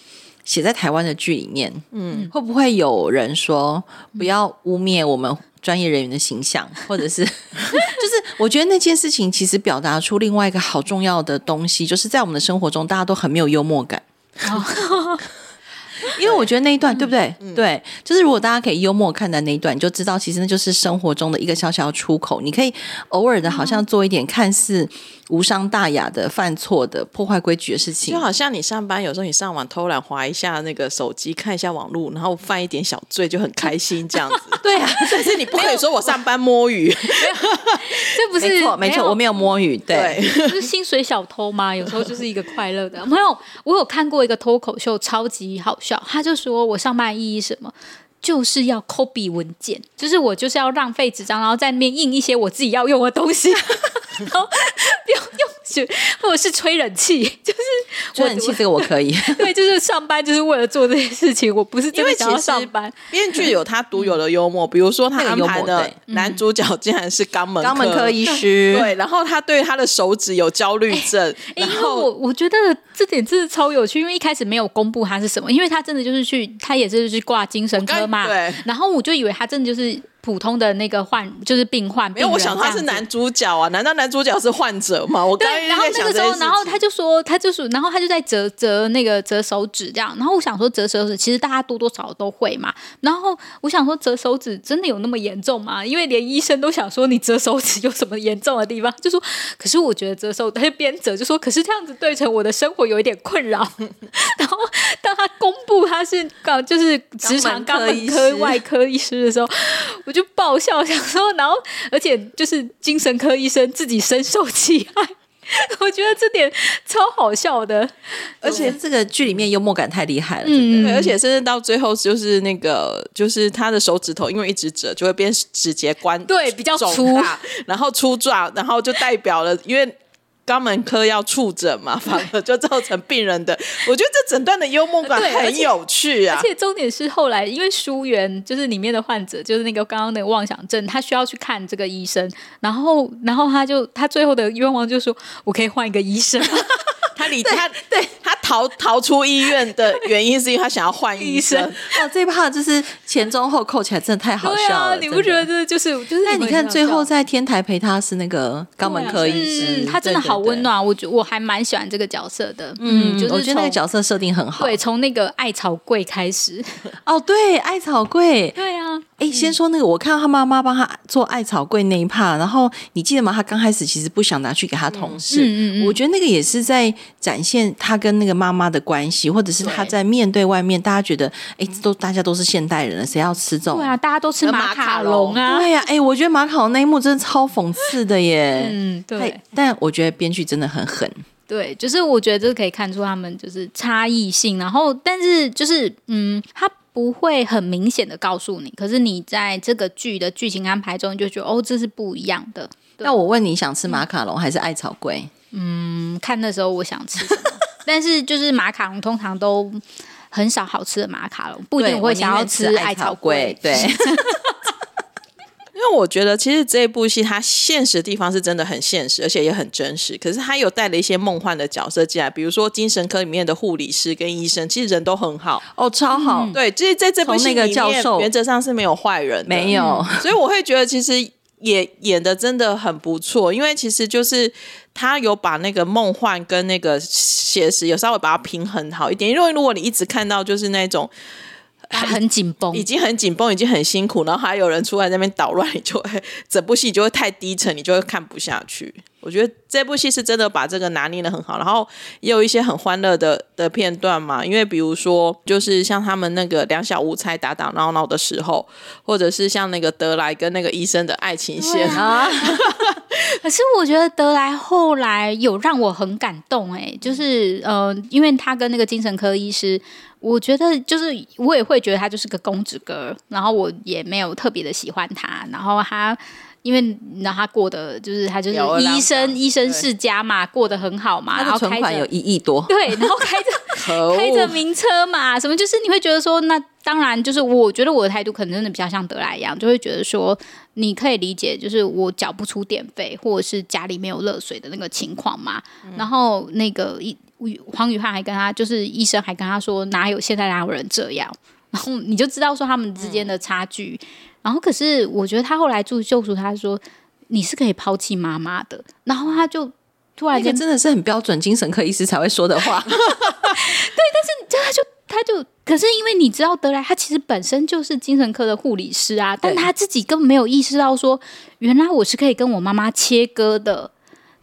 寫在台灣的劇裡面，嗯，會不會有人說，不要污衊我們專業人員的形象，嗯、或者是， 就是我覺得那件事情其實表達出另外一個好重要的東西，就是在我們的生活中大家都很沒有幽默感，哦、 因為我覺得那一段對，對不對、嗯？對，就是如果大家可以幽默看待那一段，你就知道其實那就是生活中的一個小小出口，你可以偶爾的，好像做一點看似，嗯。看似無傷大雅的犯錯的破壞規矩的事情，就好像你上班有時候你上網偷懶滑一下那個手機看一下網絡，然後犯一點小罪就很開心這樣子。 對啊，但是你不可以說我上班摸魚， 沒有沒有，這不是沒錯沒錯，我沒有摸魚，對，對，是薪水小偷嗎？有時候就是一個快樂的。朋 友。沒有，我有看過一個脫口秀，超級好笑，他就說我上班意義什麼。就是要 copy 文件，就是我就是要浪費紙張，然後在那邊印一些我自己要用的東西， 然後不用或者是吹冷氣，就是吹冷氣這個我可以， 對，就是上班就是為了做這些事情，我不是因為想要上班。因為編劇有他獨有的幽默，比如說他安排的男主角竟然是肛門肛、嗯、門科醫師，對，然後他對他的手指有焦慮症、欸，然後、欸、後我我覺得這點真的超有趣，因為一開始沒有公布他是什麼，因為他真的就是去，他也是去掛精神科嘛。對，然後我就以為他真的就是。普通的那個患，就是病患病。因為我想他是男主角啊，難道男主角是患者嗎？ 我剛，然後那個時候，然後他就說，他就說，然後他就在折折那個折手指這樣。然後我想說摺摺，折手指其實大家多多少少都會嘛。然後我想說，折手指真的有那麼嚴重嗎？因為連醫生都想說，你折手指有什麼嚴重的地方？就說，可是我覺得折手，他就邊折就說，可是這樣子對成我的生活有一點困擾。 然後當他公布他是搞，就是職場肛門科，肛門科外科醫師的時候，我。就爆笑，想說，然後而且就是精神科醫生自己深受其害，我覺得這點超好笑的。而且這個劇裡面幽默感太厲害了，嗯，對，而且甚至到最後就是那個，就是他的手指頭因為一直折，就會變指節關，對，比較粗，然後粗壯，然後就代表了因為。肛門科要觸診嘛，反而就造成病人的。我覺得這診斷的幽默感很有趣啊！而且，而且重點是後來因為疏遠，就是裡面的患者，就是那個剛剛那個妄想症，他需要去看這個醫生，然後，然後他就他最後的願望就是，我可以換一個醫生 他。他離他對他。逃逃出醫院的原因是因為他想要換醫生 啊！最怕就是前中後扣起來，真的太好笑了。對啊，你不覺得這就是就是，但你看最後在天台陪他是那個肛門科醫生，啊就是，他真的好溫暖。對對對對。我覺我還蠻喜歡這個角色的。嗯，就是，我覺得那個角色設定很好。對，從那個艾草櫃開始。 哦，對，艾草櫃。對呀，啊。哎、欸，先說那個，嗯、我看到他媽媽幫他做艾草櫃那一趴，然後你記得嗎？他剛開始其實不想拿去給他同事。嗯嗯，嗯，我覺得那個也是在展現他跟那個媽媽的關係，或者是他在面對外面，大家覺得哎、欸，都大家都是現代人了，誰要吃這種？對啊，大家都吃馬卡龍啊。對呀、啊，哎、欸，我覺得馬卡龍那一幕真的超諷刺的耶。嗯，對。但我覺得編劇真的很狠。對，就是我覺得這是可以看出他們就是差異性，然後但是就是嗯他。不會很明顯地告訴你，可是你在這個劇的劇情安排中就覺得哦，這是不一樣的。那我問你想吃馬卡龍還是艾草粿？嗯，看那時候我想吃， 但是就是馬卡龍通常都很少好吃的馬卡龍，不一定會想要吃艾草粿。對。 因為我覺得其實這部戲它現實的地方是真的很現實，而且也很真實。可是它有帶了一些夢幻的角色進來，比如說精神科裡面的護理師跟醫生，其實人都很好哦，超好、嗯。對，其實在這部戲裡面，原則上是沒有壞人的沒有、嗯。所以我會覺得其實也演得真的很不錯，因為其實就是他有把那個夢幻跟那個寫實有稍微把它平衡好一點。因為如果你一直看到就是那種。啊、很緊繃，已經很緊繃，已經很辛苦，然後還有人出來在那邊搗亂，你就整部戲就會太低沉，你就會看不下去。我覺得這部戲是真的把這個拿捏得很好，然後也有一些很歡樂的的片段嘛，因為比如說就是像他們那個兩小無猜打，打打鬧鬧的時候，或者是像那個德萊跟那個醫生的愛情線啊。 可是我覺得德萊後來有讓我很感動、欸，哎，就是呃，因為他跟那個精神科醫師。我覺得就是我也會覺得他就是個公子哥，然後我也沒有特別的喜歡他。然後他因為然後他過得，就是他就是醫生，醫生世家嘛，過得很好嘛。然後存款有一億多，對，然後開着開着名車嘛，什麼就是你會覺得說，那當然就是我覺得我的態度可能真的比較像德萊一樣，就會覺得說你可以理解，就是我繳不出電費或者是家裡沒有熱水的那個情況嘛。然後那個一。黃雨浩還跟他，就是醫生還跟他說，哪有現在哪有人這樣，然後你就知道說他們之間的差距。嗯。然後可是我覺得他後來做救出他說，你是可以拋棄媽媽的，然後他就突然間真的是很標準精神科醫師才會說的話。 對，但是就他就他就，可是因為你知道德萊，他其實本身就是精神科的護理師啊，但他自己根本沒有意識到說，原來我是可以跟我媽媽切割的。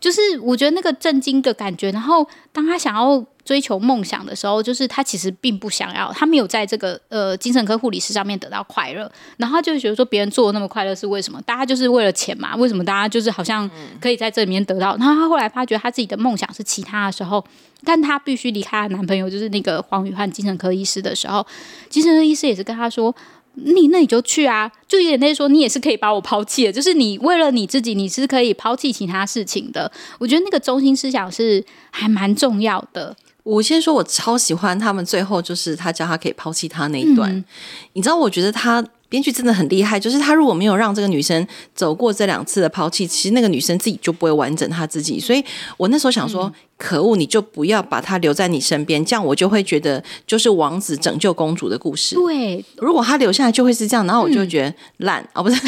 就是我覺得那個震驚的感覺，然後當他想要追求夢想的時候，就是他其實並不想要，他沒有在這個呃精神科護理師上面得到快樂，然後他就覺得說別人做的那麼快樂是為什麼？大家就是為了錢嘛？為什麼大家就是好像可以在這裡面得到？然後他後來發覺他自己的夢想是其他的時候，但他必須離開他男朋友，就是那個黃宇翰精神科醫師的時候，精神科醫師也是跟他說。你那你就去啊，就有點那說，你也是可以把我拋棄的，就是你為了你自己，你是可以拋棄其他事情的。我覺得那個中心思想是還蠻重要的。我先說，我超喜歡他們最後就是他叫他可以拋棄他那一段，嗯、你知道？我覺得他。編劇真的很厲害，就是他如果沒有讓這個女生走過這兩次的拋棄，其實那個女生自己就不會完整她自己。所以我那時候想說，嗯、可惡，你就不要把她留在你身邊，這樣我就會覺得就是王子拯救公主的故事。對，如果她留下來就會是這樣。然後我就會覺得爛、嗯、哦，不是，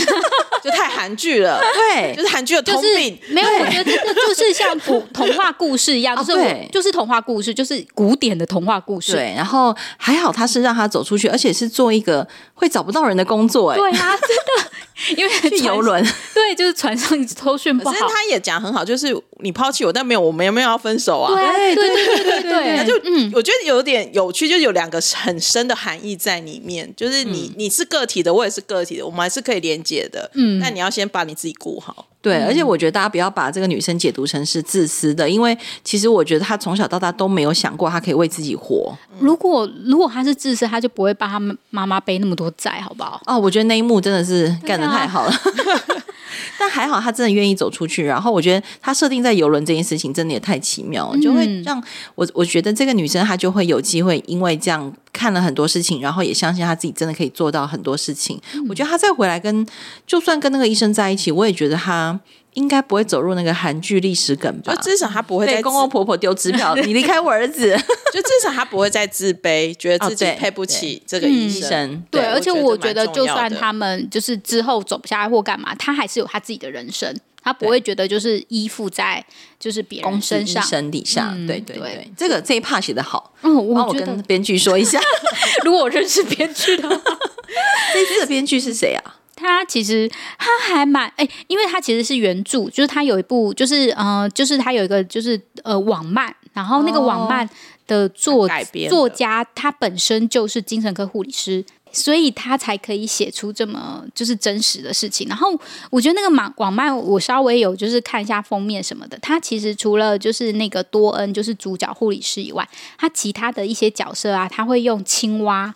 就太韓劇了。 對，就是韓劇的通病。就是、沒有，我覺得這就是像古童話故事一樣，就、 啊、是就是童話故事，就是古典的童話故事。對，然後還好他是讓他走出去，而且是做一個會找不到人的公司。工作哎、欸，對啊，真的，因為去遊輪，對，就是船上通訊不好。其實他也講很好，就是你拋棄我，但沒有，我們有我沒有要分手啊？對對，對對對對，他 就、嗯，我覺得有點有趣，就是有兩個很深的含義在裡面，就是你你是個體的，我也是個體的，我們還是可以連接的。嗯，但你要先把你自己顧好。對，而且我覺得大家不要把這個女生解讀成是自私的，因為其實我覺得她從小到大都沒有想過她可以為自己活。如果如果她是自私，她就不會幫她媽媽背那麼多債，好不好？哦，我覺得那一幕真的是幹得太好了。 但還好，她真的願意走出去。然後我覺得她設定在遊輪這件事情真的也太奇妙了，嗯，就會讓我我覺得這個女生她就會有機會，因為這樣看了很多事情，然後也相信她自己真的可以做到很多事情。嗯，我覺得她再回來跟，就算跟那個醫生在一起，我也覺得她。應該不會走入那個韓劇歷史梗吧？就、啊、至少他不會在公公婆婆丟支票， 你離開我兒子。 就至少他不會再自卑，覺得自己配不起這個醫生。哦對，對，嗯、對，對，而且我覺得，就算他們就是之後走不下來或幹嘛，他還是有他自己的人生，他不會覺得就是依附在就是別人身上、底下、嗯對對對對對對。對對對，這個這一 part 寫得好，那、嗯、我，我跟編劇說一下。 如果我認識編劇的話， 這個編劇是誰啊？他其實他還蠻哎、欸，因為他其實是原著，就是他有一部，就是嗯、呃，就是他有一個，就是呃網漫，然後那個網漫的作、哦、作家他本身就是精神科護理師，所以他才可以寫出這麼就是真實的事情。然後我覺得那個網網漫我稍微有就是看一下封面什麼的，他其實除了就是那個多恩就是主角護理師以外，他其他的一些角色啊，他會用青蛙。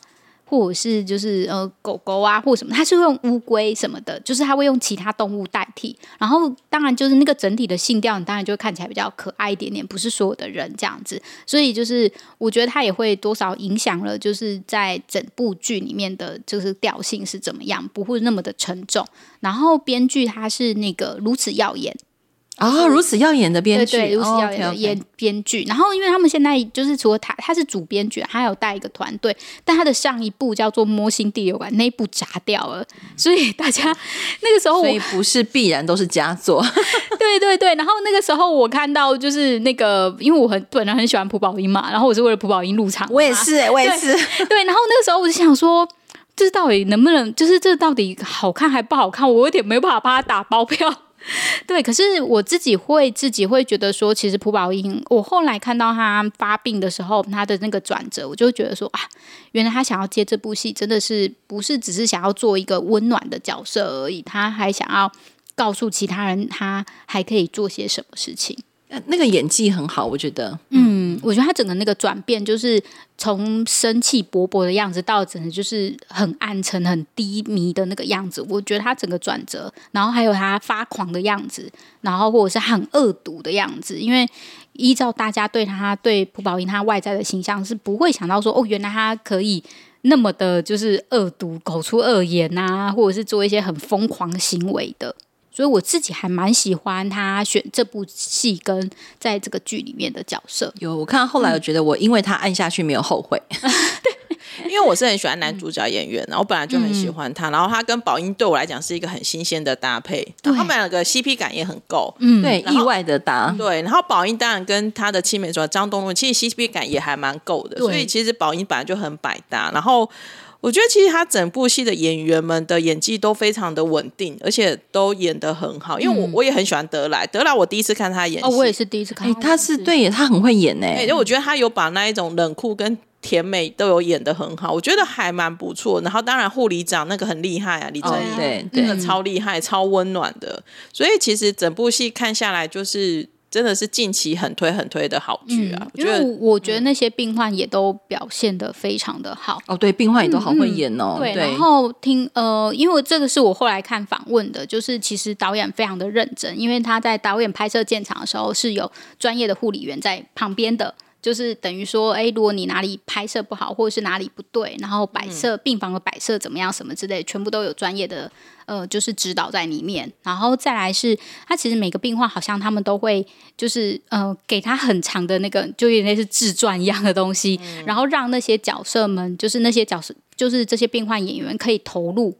或者是就是呃狗狗啊或者什麼，他是用烏龜什麼的，就是他會用其他動物代替。然後當然就是那個整體的調性，你當然就會看起來比較可愛一點點，不是所有的人這樣子。所以就是我覺得它也會多少影響了，就是在整部劇裡面的就是調性是怎麼樣，不會那麼的沉重。然後編劇他是那個如此耀眼。啊、哦，如此耀眼的編劇，對,對對，如此耀眼的編劇。Oh, okay, okay. 然後，因為他們現在就是，除了他，他是主編劇，他有帶一個團隊。但他的上一部叫做《摸心第六感》，那一部砸掉了、嗯，所以大家那個時候我，所以不是必然都是佳作。 對,對對對。然後那個時候，我看到就是那個，因為我很本來很喜歡朴寶英嘛，然後我是為了朴寶英入場、啊我欸，我也是，我也是。對，然後那個時候我就想說，就是到底能不能，就是這到底好看還不好看？我有點沒辦法把它打包票。對，可是我自己會自己會覺得說，其實朴寶英，我後來看到她發病的時候，她的那個轉折，我就覺得說啊，原來他想要接這部戲，真的是不是只是想要做一個溫暖的角色而已，他還想要告訴其他人，他還可以做些什麼事情。呃，那個演技很好，我覺得。嗯，我覺得他整個那個轉變，就是從生氣勃勃的樣子，到整個就是很暗沉、很低迷的那個樣子。我覺得他整個轉折，然後還有他發狂的樣子，然後或者是很惡毒的樣子。因為依照大家對他、對朴寶英他外在的形象，是不會想到說哦，原來他可以那麼的，就是惡毒，口出惡言啊，或者是做一些很瘋狂行為的。所以我自己還蠻喜歡他選這部戲跟在這個劇裡面的角色。有，我看到後來我覺得我因為他按下去沒有後悔，嗯、 因為我是很喜歡男主角演員的，我、嗯、本來就很喜歡他，然後他跟寶英對我來講是一個很新鮮的搭配，他們兩個 CP 感也很夠，嗯，對，意外的搭，對，然後寶英當然跟他的青梅竹馬張東潤，其實 CP 感也還蠻夠的，所以其實寶英本來就很百搭，然後。我覺得其實他整部戲的演員們的演技都非常的穩定，而且都演的很好。因為我我也很喜歡德萊、嗯、德萊，我第一次看他演，哦，我也是第一次看他，欸，他是對耶，他很會演耶，欸。對，我覺得他有把那一種冷酷跟甜美都有演的很好，我覺得還蠻不錯。然後當然護理長那個很厲害啊，李姃垠，真，哦，的，那個，超厲害，超溫暖的。所以其實整部戲看下來就是。真的是近期很推很推的好劇啊、嗯！因為我覺得那些病患也都表現得非常的好、嗯、哦，對，病患也都好會演哦。嗯、對，對，然後聽呃，因為這個是我後來看訪問的，就是其實導演非常的認真，因為他在導演拍攝現場的時候是有專業的護理員在旁邊的。就是等於說、欸，如果你哪裡拍攝不好，或者是哪裡不對，然後擺設病房的擺設怎麼樣，什麼之類，嗯、全部都有專業的呃，就是指導在裡面。然後再來是，他其實每個病患好像他們都會，就是呃，給他很長的那個，就有點類似自傳一樣的東西、嗯，然後讓那些角色們，就是那些角色，就是這些病患演員可以投入。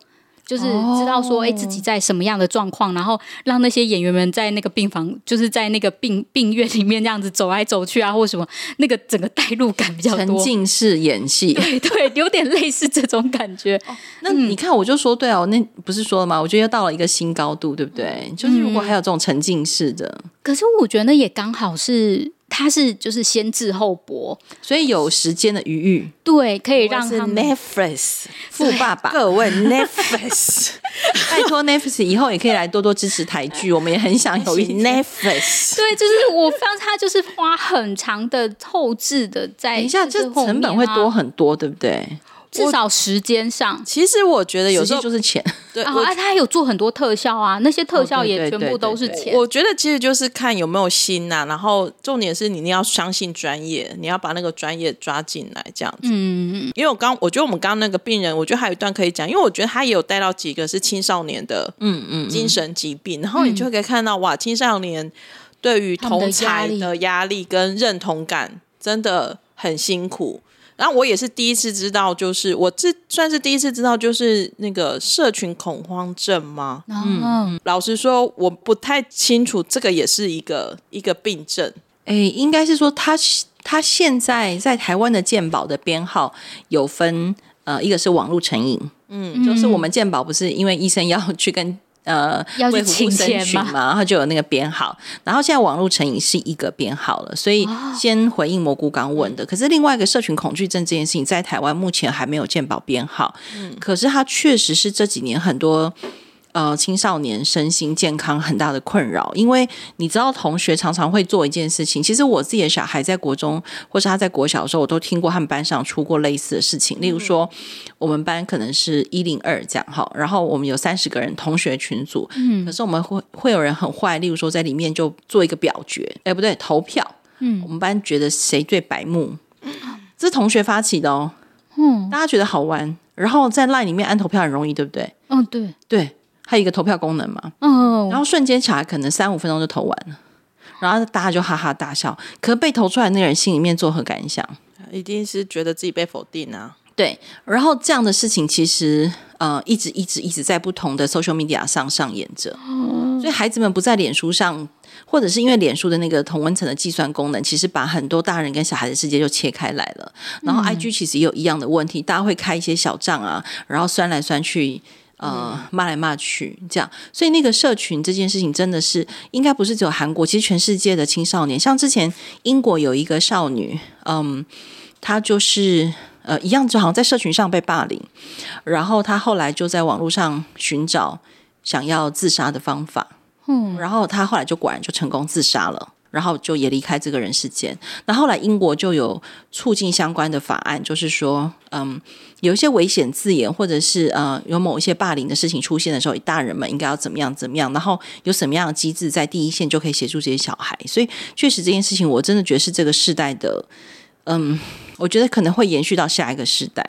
就是知道說，哎，自己在什麼樣的狀況、哦，然後讓那些演員們在那個病房，就是在那個病病院裡面這樣子走來走去啊，或什麼，那個整個帶入感比較多。沉浸式演戲，對對，有點類似這種感覺。 哦、那你看，我就說，對哦，那不是說了嗎？我覺得又到了一個新高度，對不對？嗯、就是如果還有這種沉浸式的，嗯、可是我覺得那也剛好是。他是就是先製後播，所以有時間的餘裕，對，可以讓他們 Netflix 富爸爸，各位 Netflix 拜託 Netflix 以後也可以來多多支持台劇， 我們也很想有一 Netflix 對，就是我發現他就是花很長的後置的，在等一下，就是啊、這成本會多很多，對不對？至少時間上，其實我覺得有時候時就是錢。對哦、啊，他有做很多特效啊，那些特效也全部都是錢。哦、對對對對對對，我覺得其實就是看有沒有心吶、啊，然後重點是你一定要相信專業，你要把那個專業抓進來這樣子。嗯嗯嗯。因為我剛，我覺得我們剛剛那個病人，我覺得還有一段可以講，因為我覺得他也有帶到幾個是青少年的，嗯嗯，精神疾病、嗯嗯嗯，然後你就可以看到哇，青少年對於同儕的壓力跟認同感的真的很辛苦。然後我也是第一次知道，就是我這算是第一次知道，就是那個社群恐慌症嗎？嗯，嗯，老實說我不太清楚，這個也是一個一個病症。哎、欸，應該是說他他現在在台灣的健保的編號有分呃，一個是網絡成癮、嗯，嗯，就是我們健保不是因為醫生要去跟。呃，為護生群嘛，然後就有那個編號。然後現在網絡成癮是一個編號了，所以先回應蘑菇剛問的，哦。可是另外一個社群恐懼症這件事情，在台灣目前還沒有健保編號，嗯。可是它確實是這幾年很多。呃，青少年身心健康很大的困擾，因為你知道，同學常常會做一件事情。其實我自己的小孩在國中，或是他在國小的時候，我都聽過他們班上出過類似的事情。嗯、例如說，我們班可能是一零二這樣，然後我們有三十個人同學群組，嗯，可是我們會會有人很壞，例如說在裡面就做一個表決，哎、欸，不對，投票，嗯，我們班覺得誰最白目、嗯，這是同學發起的哦，嗯，大家覺得好玩，然後在 Line 裡面按投票很容易，對不對？嗯、哦，對，對。還有一個投票功能嘛，嗯、oh.，然後瞬間查，可能三五分鐘就投完了，然後大家就哈哈大笑。可被投出來的那個人心裡面作何感想？一定是覺得自己被否定啊。對，然後這樣的事情其實呃，一直一直一直在不同的 social media 上上演着。Oh. 所以孩子們不在臉書上，或者是因為臉書的那個同溫層的計算功能，其實把很多大人跟小孩的世界就切開來了。然後 IG 其實也有一樣的問題，mm. 大家會開一些小賬啊，然後酸來酸去。嗯、呃，罵來罵去這樣，所以那個社群這件事情真的是應該不是只有韓國，其實全世界的青少年，像之前英國有一個少女，嗯，她就是呃一樣，就好像在社群上被霸凌，然後她後來就在網絡上尋找想要自殺的方法，嗯，然後她後來就果然就成功自殺了。然後就也離開這個人世間。那後來英國就有促進相關的法案，就是說，嗯，有一些危險字眼或者是呃、嗯、有某一些霸凌的事情出現的時候，大人們應該要怎麼樣怎麼樣，然後有什麼樣的機制在第一線就可以協助這些小孩。所以確實這件事情，我真的覺得是這個世代的，嗯。我覺得可能會延續到下一個時代，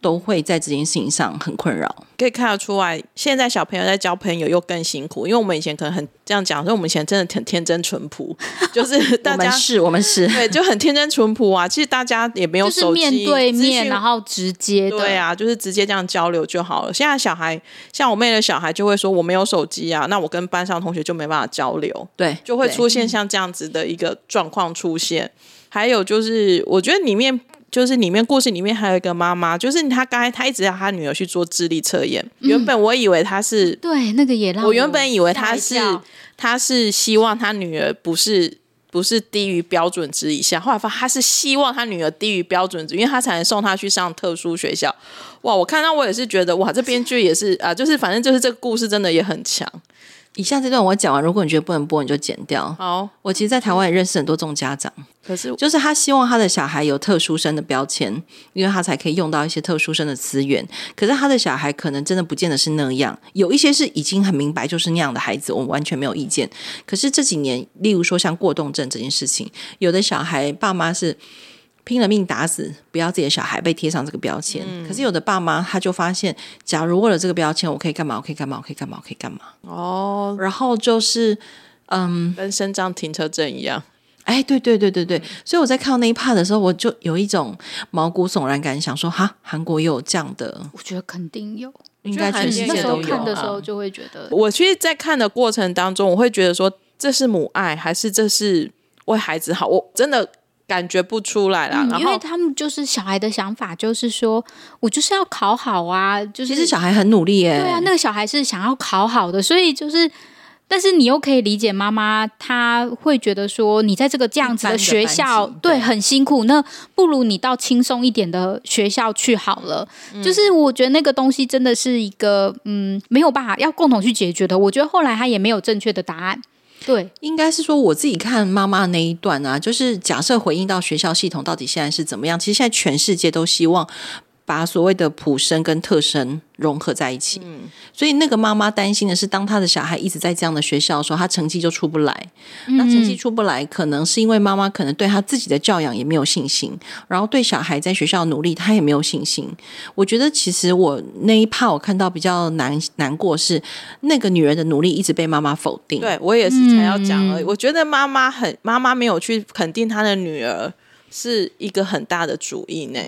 都會在這件事情上很困擾。可以看得出來，現在小朋友在交朋友又更辛苦，因為我們以前可能很這樣講，所以我們以前真的很天真淳樸， 就是大家 是，我們是對，就很天真淳樸啊。其實大家也沒有手機，就是、面對面然後直接對啊，就是直接這樣交流就好了。現在小孩像我妹的小孩就會說我沒有手機啊，那我跟班上同學就沒辦法交流，對，就會出現像這樣子的一個狀況出現。還有就是，我覺得裡面就是裡面故事裡面還有一個媽媽，就是她剛才她一直要她女兒去做智力測驗。原本我以為她是、嗯、對那個也讓我，我原本以為她是她是希望她女兒不是不是低於標準值以下，後來發現她是希望她女兒低於標準值，因為她才能送她去上特殊學校。哇，我看到我也是覺得哇，這編劇也是啊、呃，就是反正就是這個故事真的也很強。以下這段我講完，如果你覺得不能播，你就剪掉。好，我其實，在台灣也認識很多這種家長，可是就是他希望他的小孩有特殊生的標籤，因為他才可以用到一些特殊生的資源。可是他的小孩可能真的不見得是那樣，有一些是已經很明白就是那樣的孩子，我們完全沒有意見。可是這幾年，例如說像過動症這件事情，有的小孩爸媽是。拼了命打死，不要自己的小孩被貼上這個標籤、嗯。可是有的爸媽他就發現，假如有了這個標籤，我可以幹嘛？我可以幹嘛？我可以幹嘛？我可以幹嘛？哦，然後就是，嗯，跟身障停車證一樣。哎、欸，對對對對對、嗯。所以我在看到那一 part 的時候，我就有一種毛骨悚然感，想說哈，韓國也有這樣的？我覺得肯定有，應該全世界都有。的看的時候就會覺得，我其實，在看的過程當中，我會覺得說，這是母愛，還是這是為孩子好？我真的。感覺不出來啦、嗯，然後，因為他們就是小孩的想法，就是說我就是要考好啊，就是其實小孩很努力哎、欸，對啊，那個小孩是想要考好的，所以就是，但是你又可以理解媽媽，她會覺得說你在這個這樣子的學校，班的班級對，很辛苦，那不如你到輕鬆一點的學校去好了、嗯。就是我覺得那個東西真的是一個嗯，沒有辦法要共同去解決的。我覺得後來他也沒有正確的答案。對，應該是說我自己看媽媽那一段啊，就是假設回應到學校系統到底現在是怎麼樣，其實現在全世界都希望，把所謂的普生跟特生融合在一起，所以那個媽媽擔心的是，當她的小孩一直在這樣的學校的時候，她成績就出不來。那成績出不來，可能是因為媽媽可能對她自己的教養也沒有信心，然後對小孩在學校努力她也沒有信心。我覺得其實我那一趴，我看到比較難難過是那個女人的努力一直被媽媽否定。對，對我也是才要講而已。我覺得媽媽很，媽媽沒有去肯定她的女兒是一個很大的主意呢。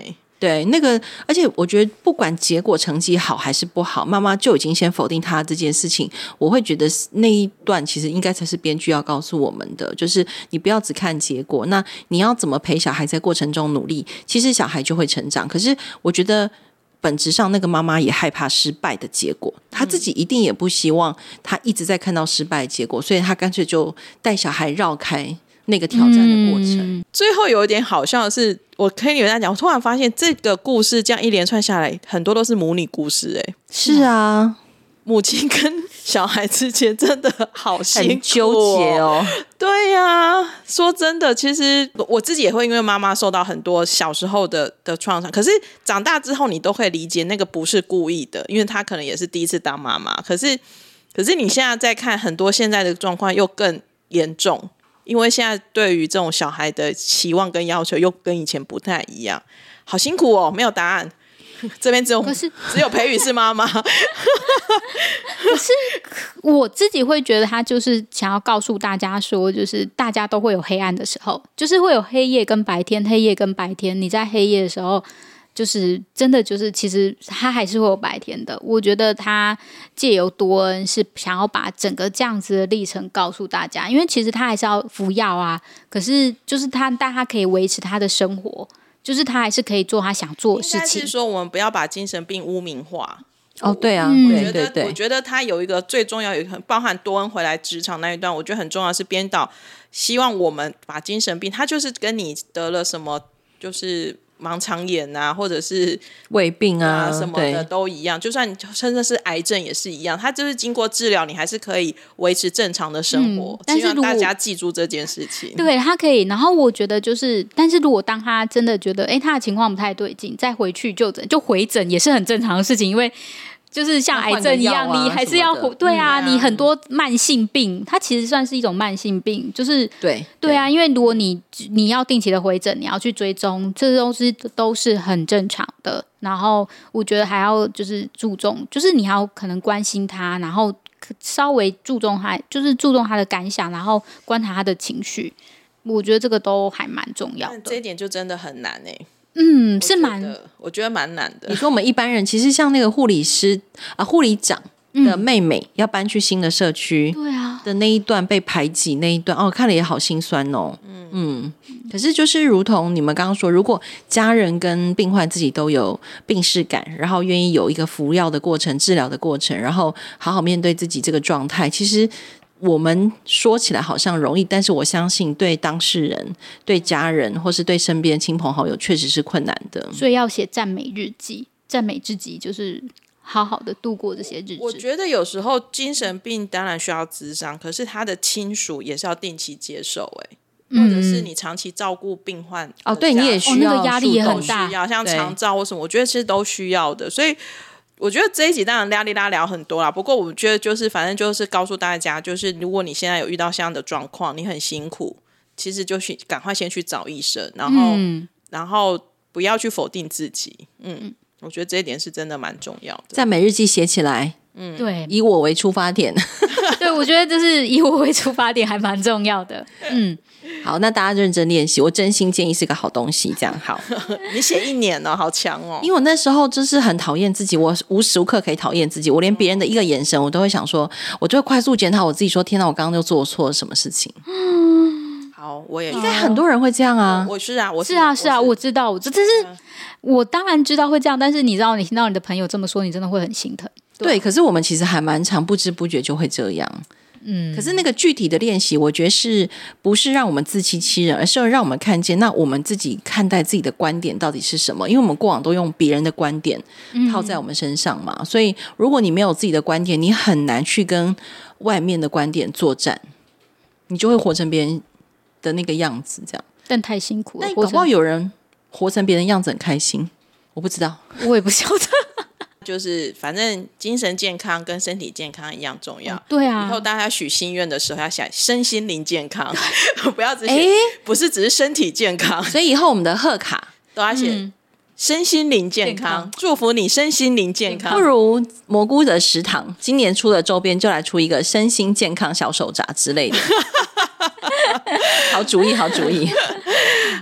對，那個，而且我覺得不管結果成績好還是不好，媽媽就已經先否定他這件事情。我會覺得那一段其實應該才是編劇要告訴我們的，就是你不要只看結果，那你要怎麼陪小孩在過程中努力，其實小孩就會成長。可是我覺得本質上那個媽媽也害怕失敗的結果，她自己一定也不希望她一直在看到失敗的結果，所以她乾脆就帶小孩繞開。那個挑戰的過程、嗯，最後有一點好笑的是，我可以跟大家講，我突然發現這個故事這樣一連串下來，很多都是母女故事、欸。哎，是啊，母親跟小孩之間真的好心很糾結哦。對呀、啊，說真的，其實我自己也會因為媽媽受到很多小時候的的創傷，可是長大之後你都可以理解，那個不是故意的，因為她可能也是第一次當媽媽。可是，可是你現在在看很多現在的狀況又更嚴重。因為現在對於這種小孩的期望跟要求又跟以前不太一樣，好辛苦哦，沒有答案，這邊只有可是只有培瑜是媽媽， 可是我自己會覺得他就是想要告訴大家說，就是大家都會有黑暗的時候，就是會有黑夜跟白天，黑夜跟白天，你在黑夜的時候。就是真的，就是其實他還是會有白天的。我覺得他借由多恩是想要把整個這樣子的歷程告訴大家，因為其實他還是要服藥啊。可是就是他，但他可以維持他的生活，就是他還是可以做他想做的事情。是說我們不要把精神病污名化哦，對啊，我、嗯、我覺得，對對對，我覺得他有一個最重要，也很包含多恩回來職場那一段，我覺得很重要。是編導希望我們把精神病，他就是跟你得了什麼就是。盲腸炎啊，或者是胃病啊，啊，什麼的都一樣。就算真的是癌症也是一樣，他就是經過治療，你還是可以維持正常的生活。嗯，希望大家記住這件事情。對他可以。然後我覺得就是，但是如果當他真的覺得，哎，他的情況不太對勁，再回去就診，就回診也是很正常的事情，因為。就是像癌症一樣，你還是要，對啊，嗯、啊，你很多慢性病，它其實算是一種慢性病，就是對、對，對啊，因為如果你你要定期的回診，你要去追蹤這些東西都是很正常的。然後我覺得還要就是注重，就是你要可能關心他，然後稍微注重他，就是注重他的感想，然後觀察他的情緒。我覺得這個都還蠻重要的。這一點就真的很難哎、欸。嗯，是蠻，我覺得蠻難的。你說我們一般人，其實像那個護理師啊、護理長的妹妹要搬去新的社區，對啊的那一段被排擠那一段，哦，看了也好心酸哦。嗯嗯，可是就是如同你們剛剛說，如果家人跟病患自己都有病識感，然後願意有一個服藥的過程、治療的過程，然後好好面對自己這個狀態，其實。我們說起來好像容易，但是我相信對當事人、對家人或是對身邊親朋好友，確實是困難的。所以要寫讚美日記，讚美自己就是好好的度過這些日子我。我覺得有時候精神病當然需要諮商，可是他的親屬也是要定期接受哎、欸嗯嗯，或者是你長期照顧病患的哦，對，你也需要、哦那個、壓力也很大，需要像長照或什麼，我覺得其實都需要的，所以。我覺得這一集當然拉拉聊很多啦，不過我覺得就是反正就是告訴大家，就是如果你現在有遇到這樣的狀況，你很辛苦，其實就去趕快先去找醫生，然後、嗯、然後不要去否定自己，嗯，我覺得這一點是真的蠻重要的，讚美日記寫起來。嗯，對，以我為出發點對， 對，我覺得就是以我為出發點還蠻重要的。 嗯，好，那大家認真練習，我真心建議是個好東西。這樣好， 你寫一年哦，好強哦！因為我那時候就是很討厭自己，我無時無刻可以討厭自己，我連別人的一個眼神我都會想說，我就會快速檢討我自己說，說天哪、啊，我剛剛就做錯了什麼事情。嗯，好，我也，應該很多人會這樣啊。我是啊，我是，是啊，是啊，我是我是，是啊，我知道，我這這是，我當然知道會這樣，但是你知道，你聽到你的朋友這麼說，你真的會很心疼。對，可是我們其實還蠻常，不知不覺就會這樣。嗯，可是那個具體的練習，我覺得是不是讓我們自欺欺人，而是讓我們看見那我們自己看待自己的觀點到底是什麼？因為我們過往都用別人的觀點套在我們身上嘛，嗯、所以如果你沒有自己的觀點，你很難去跟外面的觀點作戰，你就會活成別人的那個樣子，這樣。但太辛苦了，但搞不好有人活成別人樣子很開心，我不知道，我也不曉得。 就是，反正精神健康跟身體健康一樣重要，哦。對啊，以後大家許心願的時候，要想身心靈健康， 不要自己、欸、不是只是身體健康。所以以後我們的賀卡都要寫、嗯、身心靈健康，健康，祝福你身心靈健康。健康。不如蘑菇的食堂今年出的周邊，就來出一個身心健康小手札之類的。 好主意，好主意。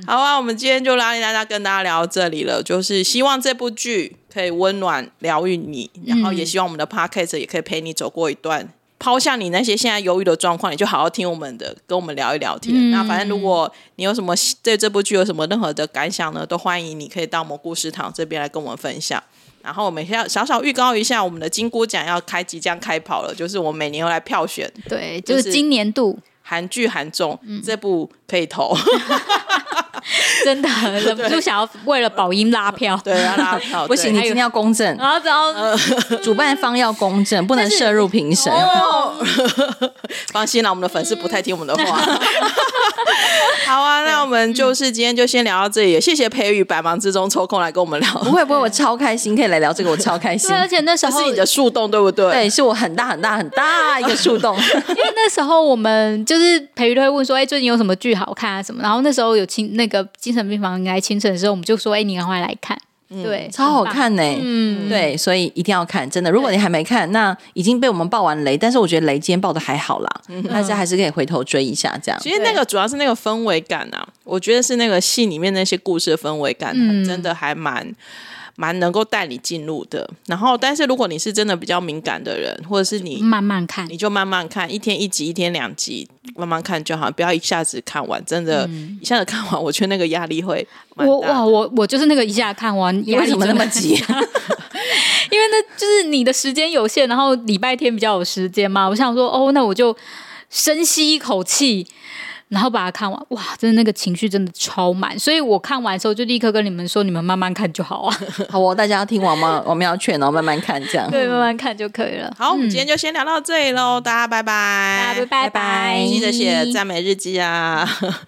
好啊，我們今天就拉里拉拉跟大家聊到這裡了。就是希望這部劇。可以溫暖療癒你，然後也希望我們的 podcast 也可以陪你走過一段，拋下你那些現在憂鬱的狀況，你就好好聽我們的，跟我們聊一聊天。嗯。那反正如果你有什麼對這部劇有什麼任何的感想呢，都歡迎你可以到蘑菇食堂這邊來跟我們分享。然後我們要小小預告一下，我們的金箍獎要開，即將開跑了，就是我們每年要來票選韓韓，對，就是今年度韓劇韓綜這部可以投。嗯 真的，就想要為了寶英拉票，對，要拉票。不行，你今天要公正，然後、嗯、主辦方要公正，不能涉入評審、哦嗯。放心啦，我們的粉絲不太聽我們的話。嗯、 好啊，那我們就是今天就先聊到這裡，謝謝培瑜，百忙之中抽空來跟我們聊。不會不會，我超開心，可以來聊這個，我超開心。而且那時候是你的樹洞，對不對？對，是我很大很大很大一個樹洞。 因為那時候我們就是培瑜都會問說：“哎、欸，最近有什麼劇好看啊？什麼？”然後那時候有請那個。精神病房，迎來清晨的時候，我們就說：“哎、欸，你趕快來看，嗯、對，超好看呢、欸嗯，對，所以一定要看，真的。如果你還沒看，那已經被我們爆完雷，但是我覺得雷今天爆的還好啦、嗯呵呵，大家還是可以回頭追一下，這樣。其實那個主要是那個氛圍感啊，我覺得是那個戲裡面那些故事的氛圍感、嗯，真的還蠻。”蠻能夠帶你進入的，然後但是如果你是真的比較敏感的人，或者是你慢慢看，你就慢慢看，一天一集，一天兩集，慢慢看就好，不要一下子看完，真的、嗯、一下子看完，我覺得那個壓力會。我哇，我我就是那個一下看完，為什麼那麼急？ 因為那就是你的時間有限，然後禮拜天比較有時間嘛，我想說哦，那我就深吸一口氣。然後把它看完，哇，真的那個情緒真的超滿，所以我看完之後就立刻跟你們說，你們慢慢看就好啊。 好哦，大家要聽王苗王苗勸哦，慢慢看這樣。 對，慢慢看就可以了。好，我、嗯、們今天就先聊到這裡嘍，大家拜拜。大家拜拜，拜，拜，記得寫讚美日記啊。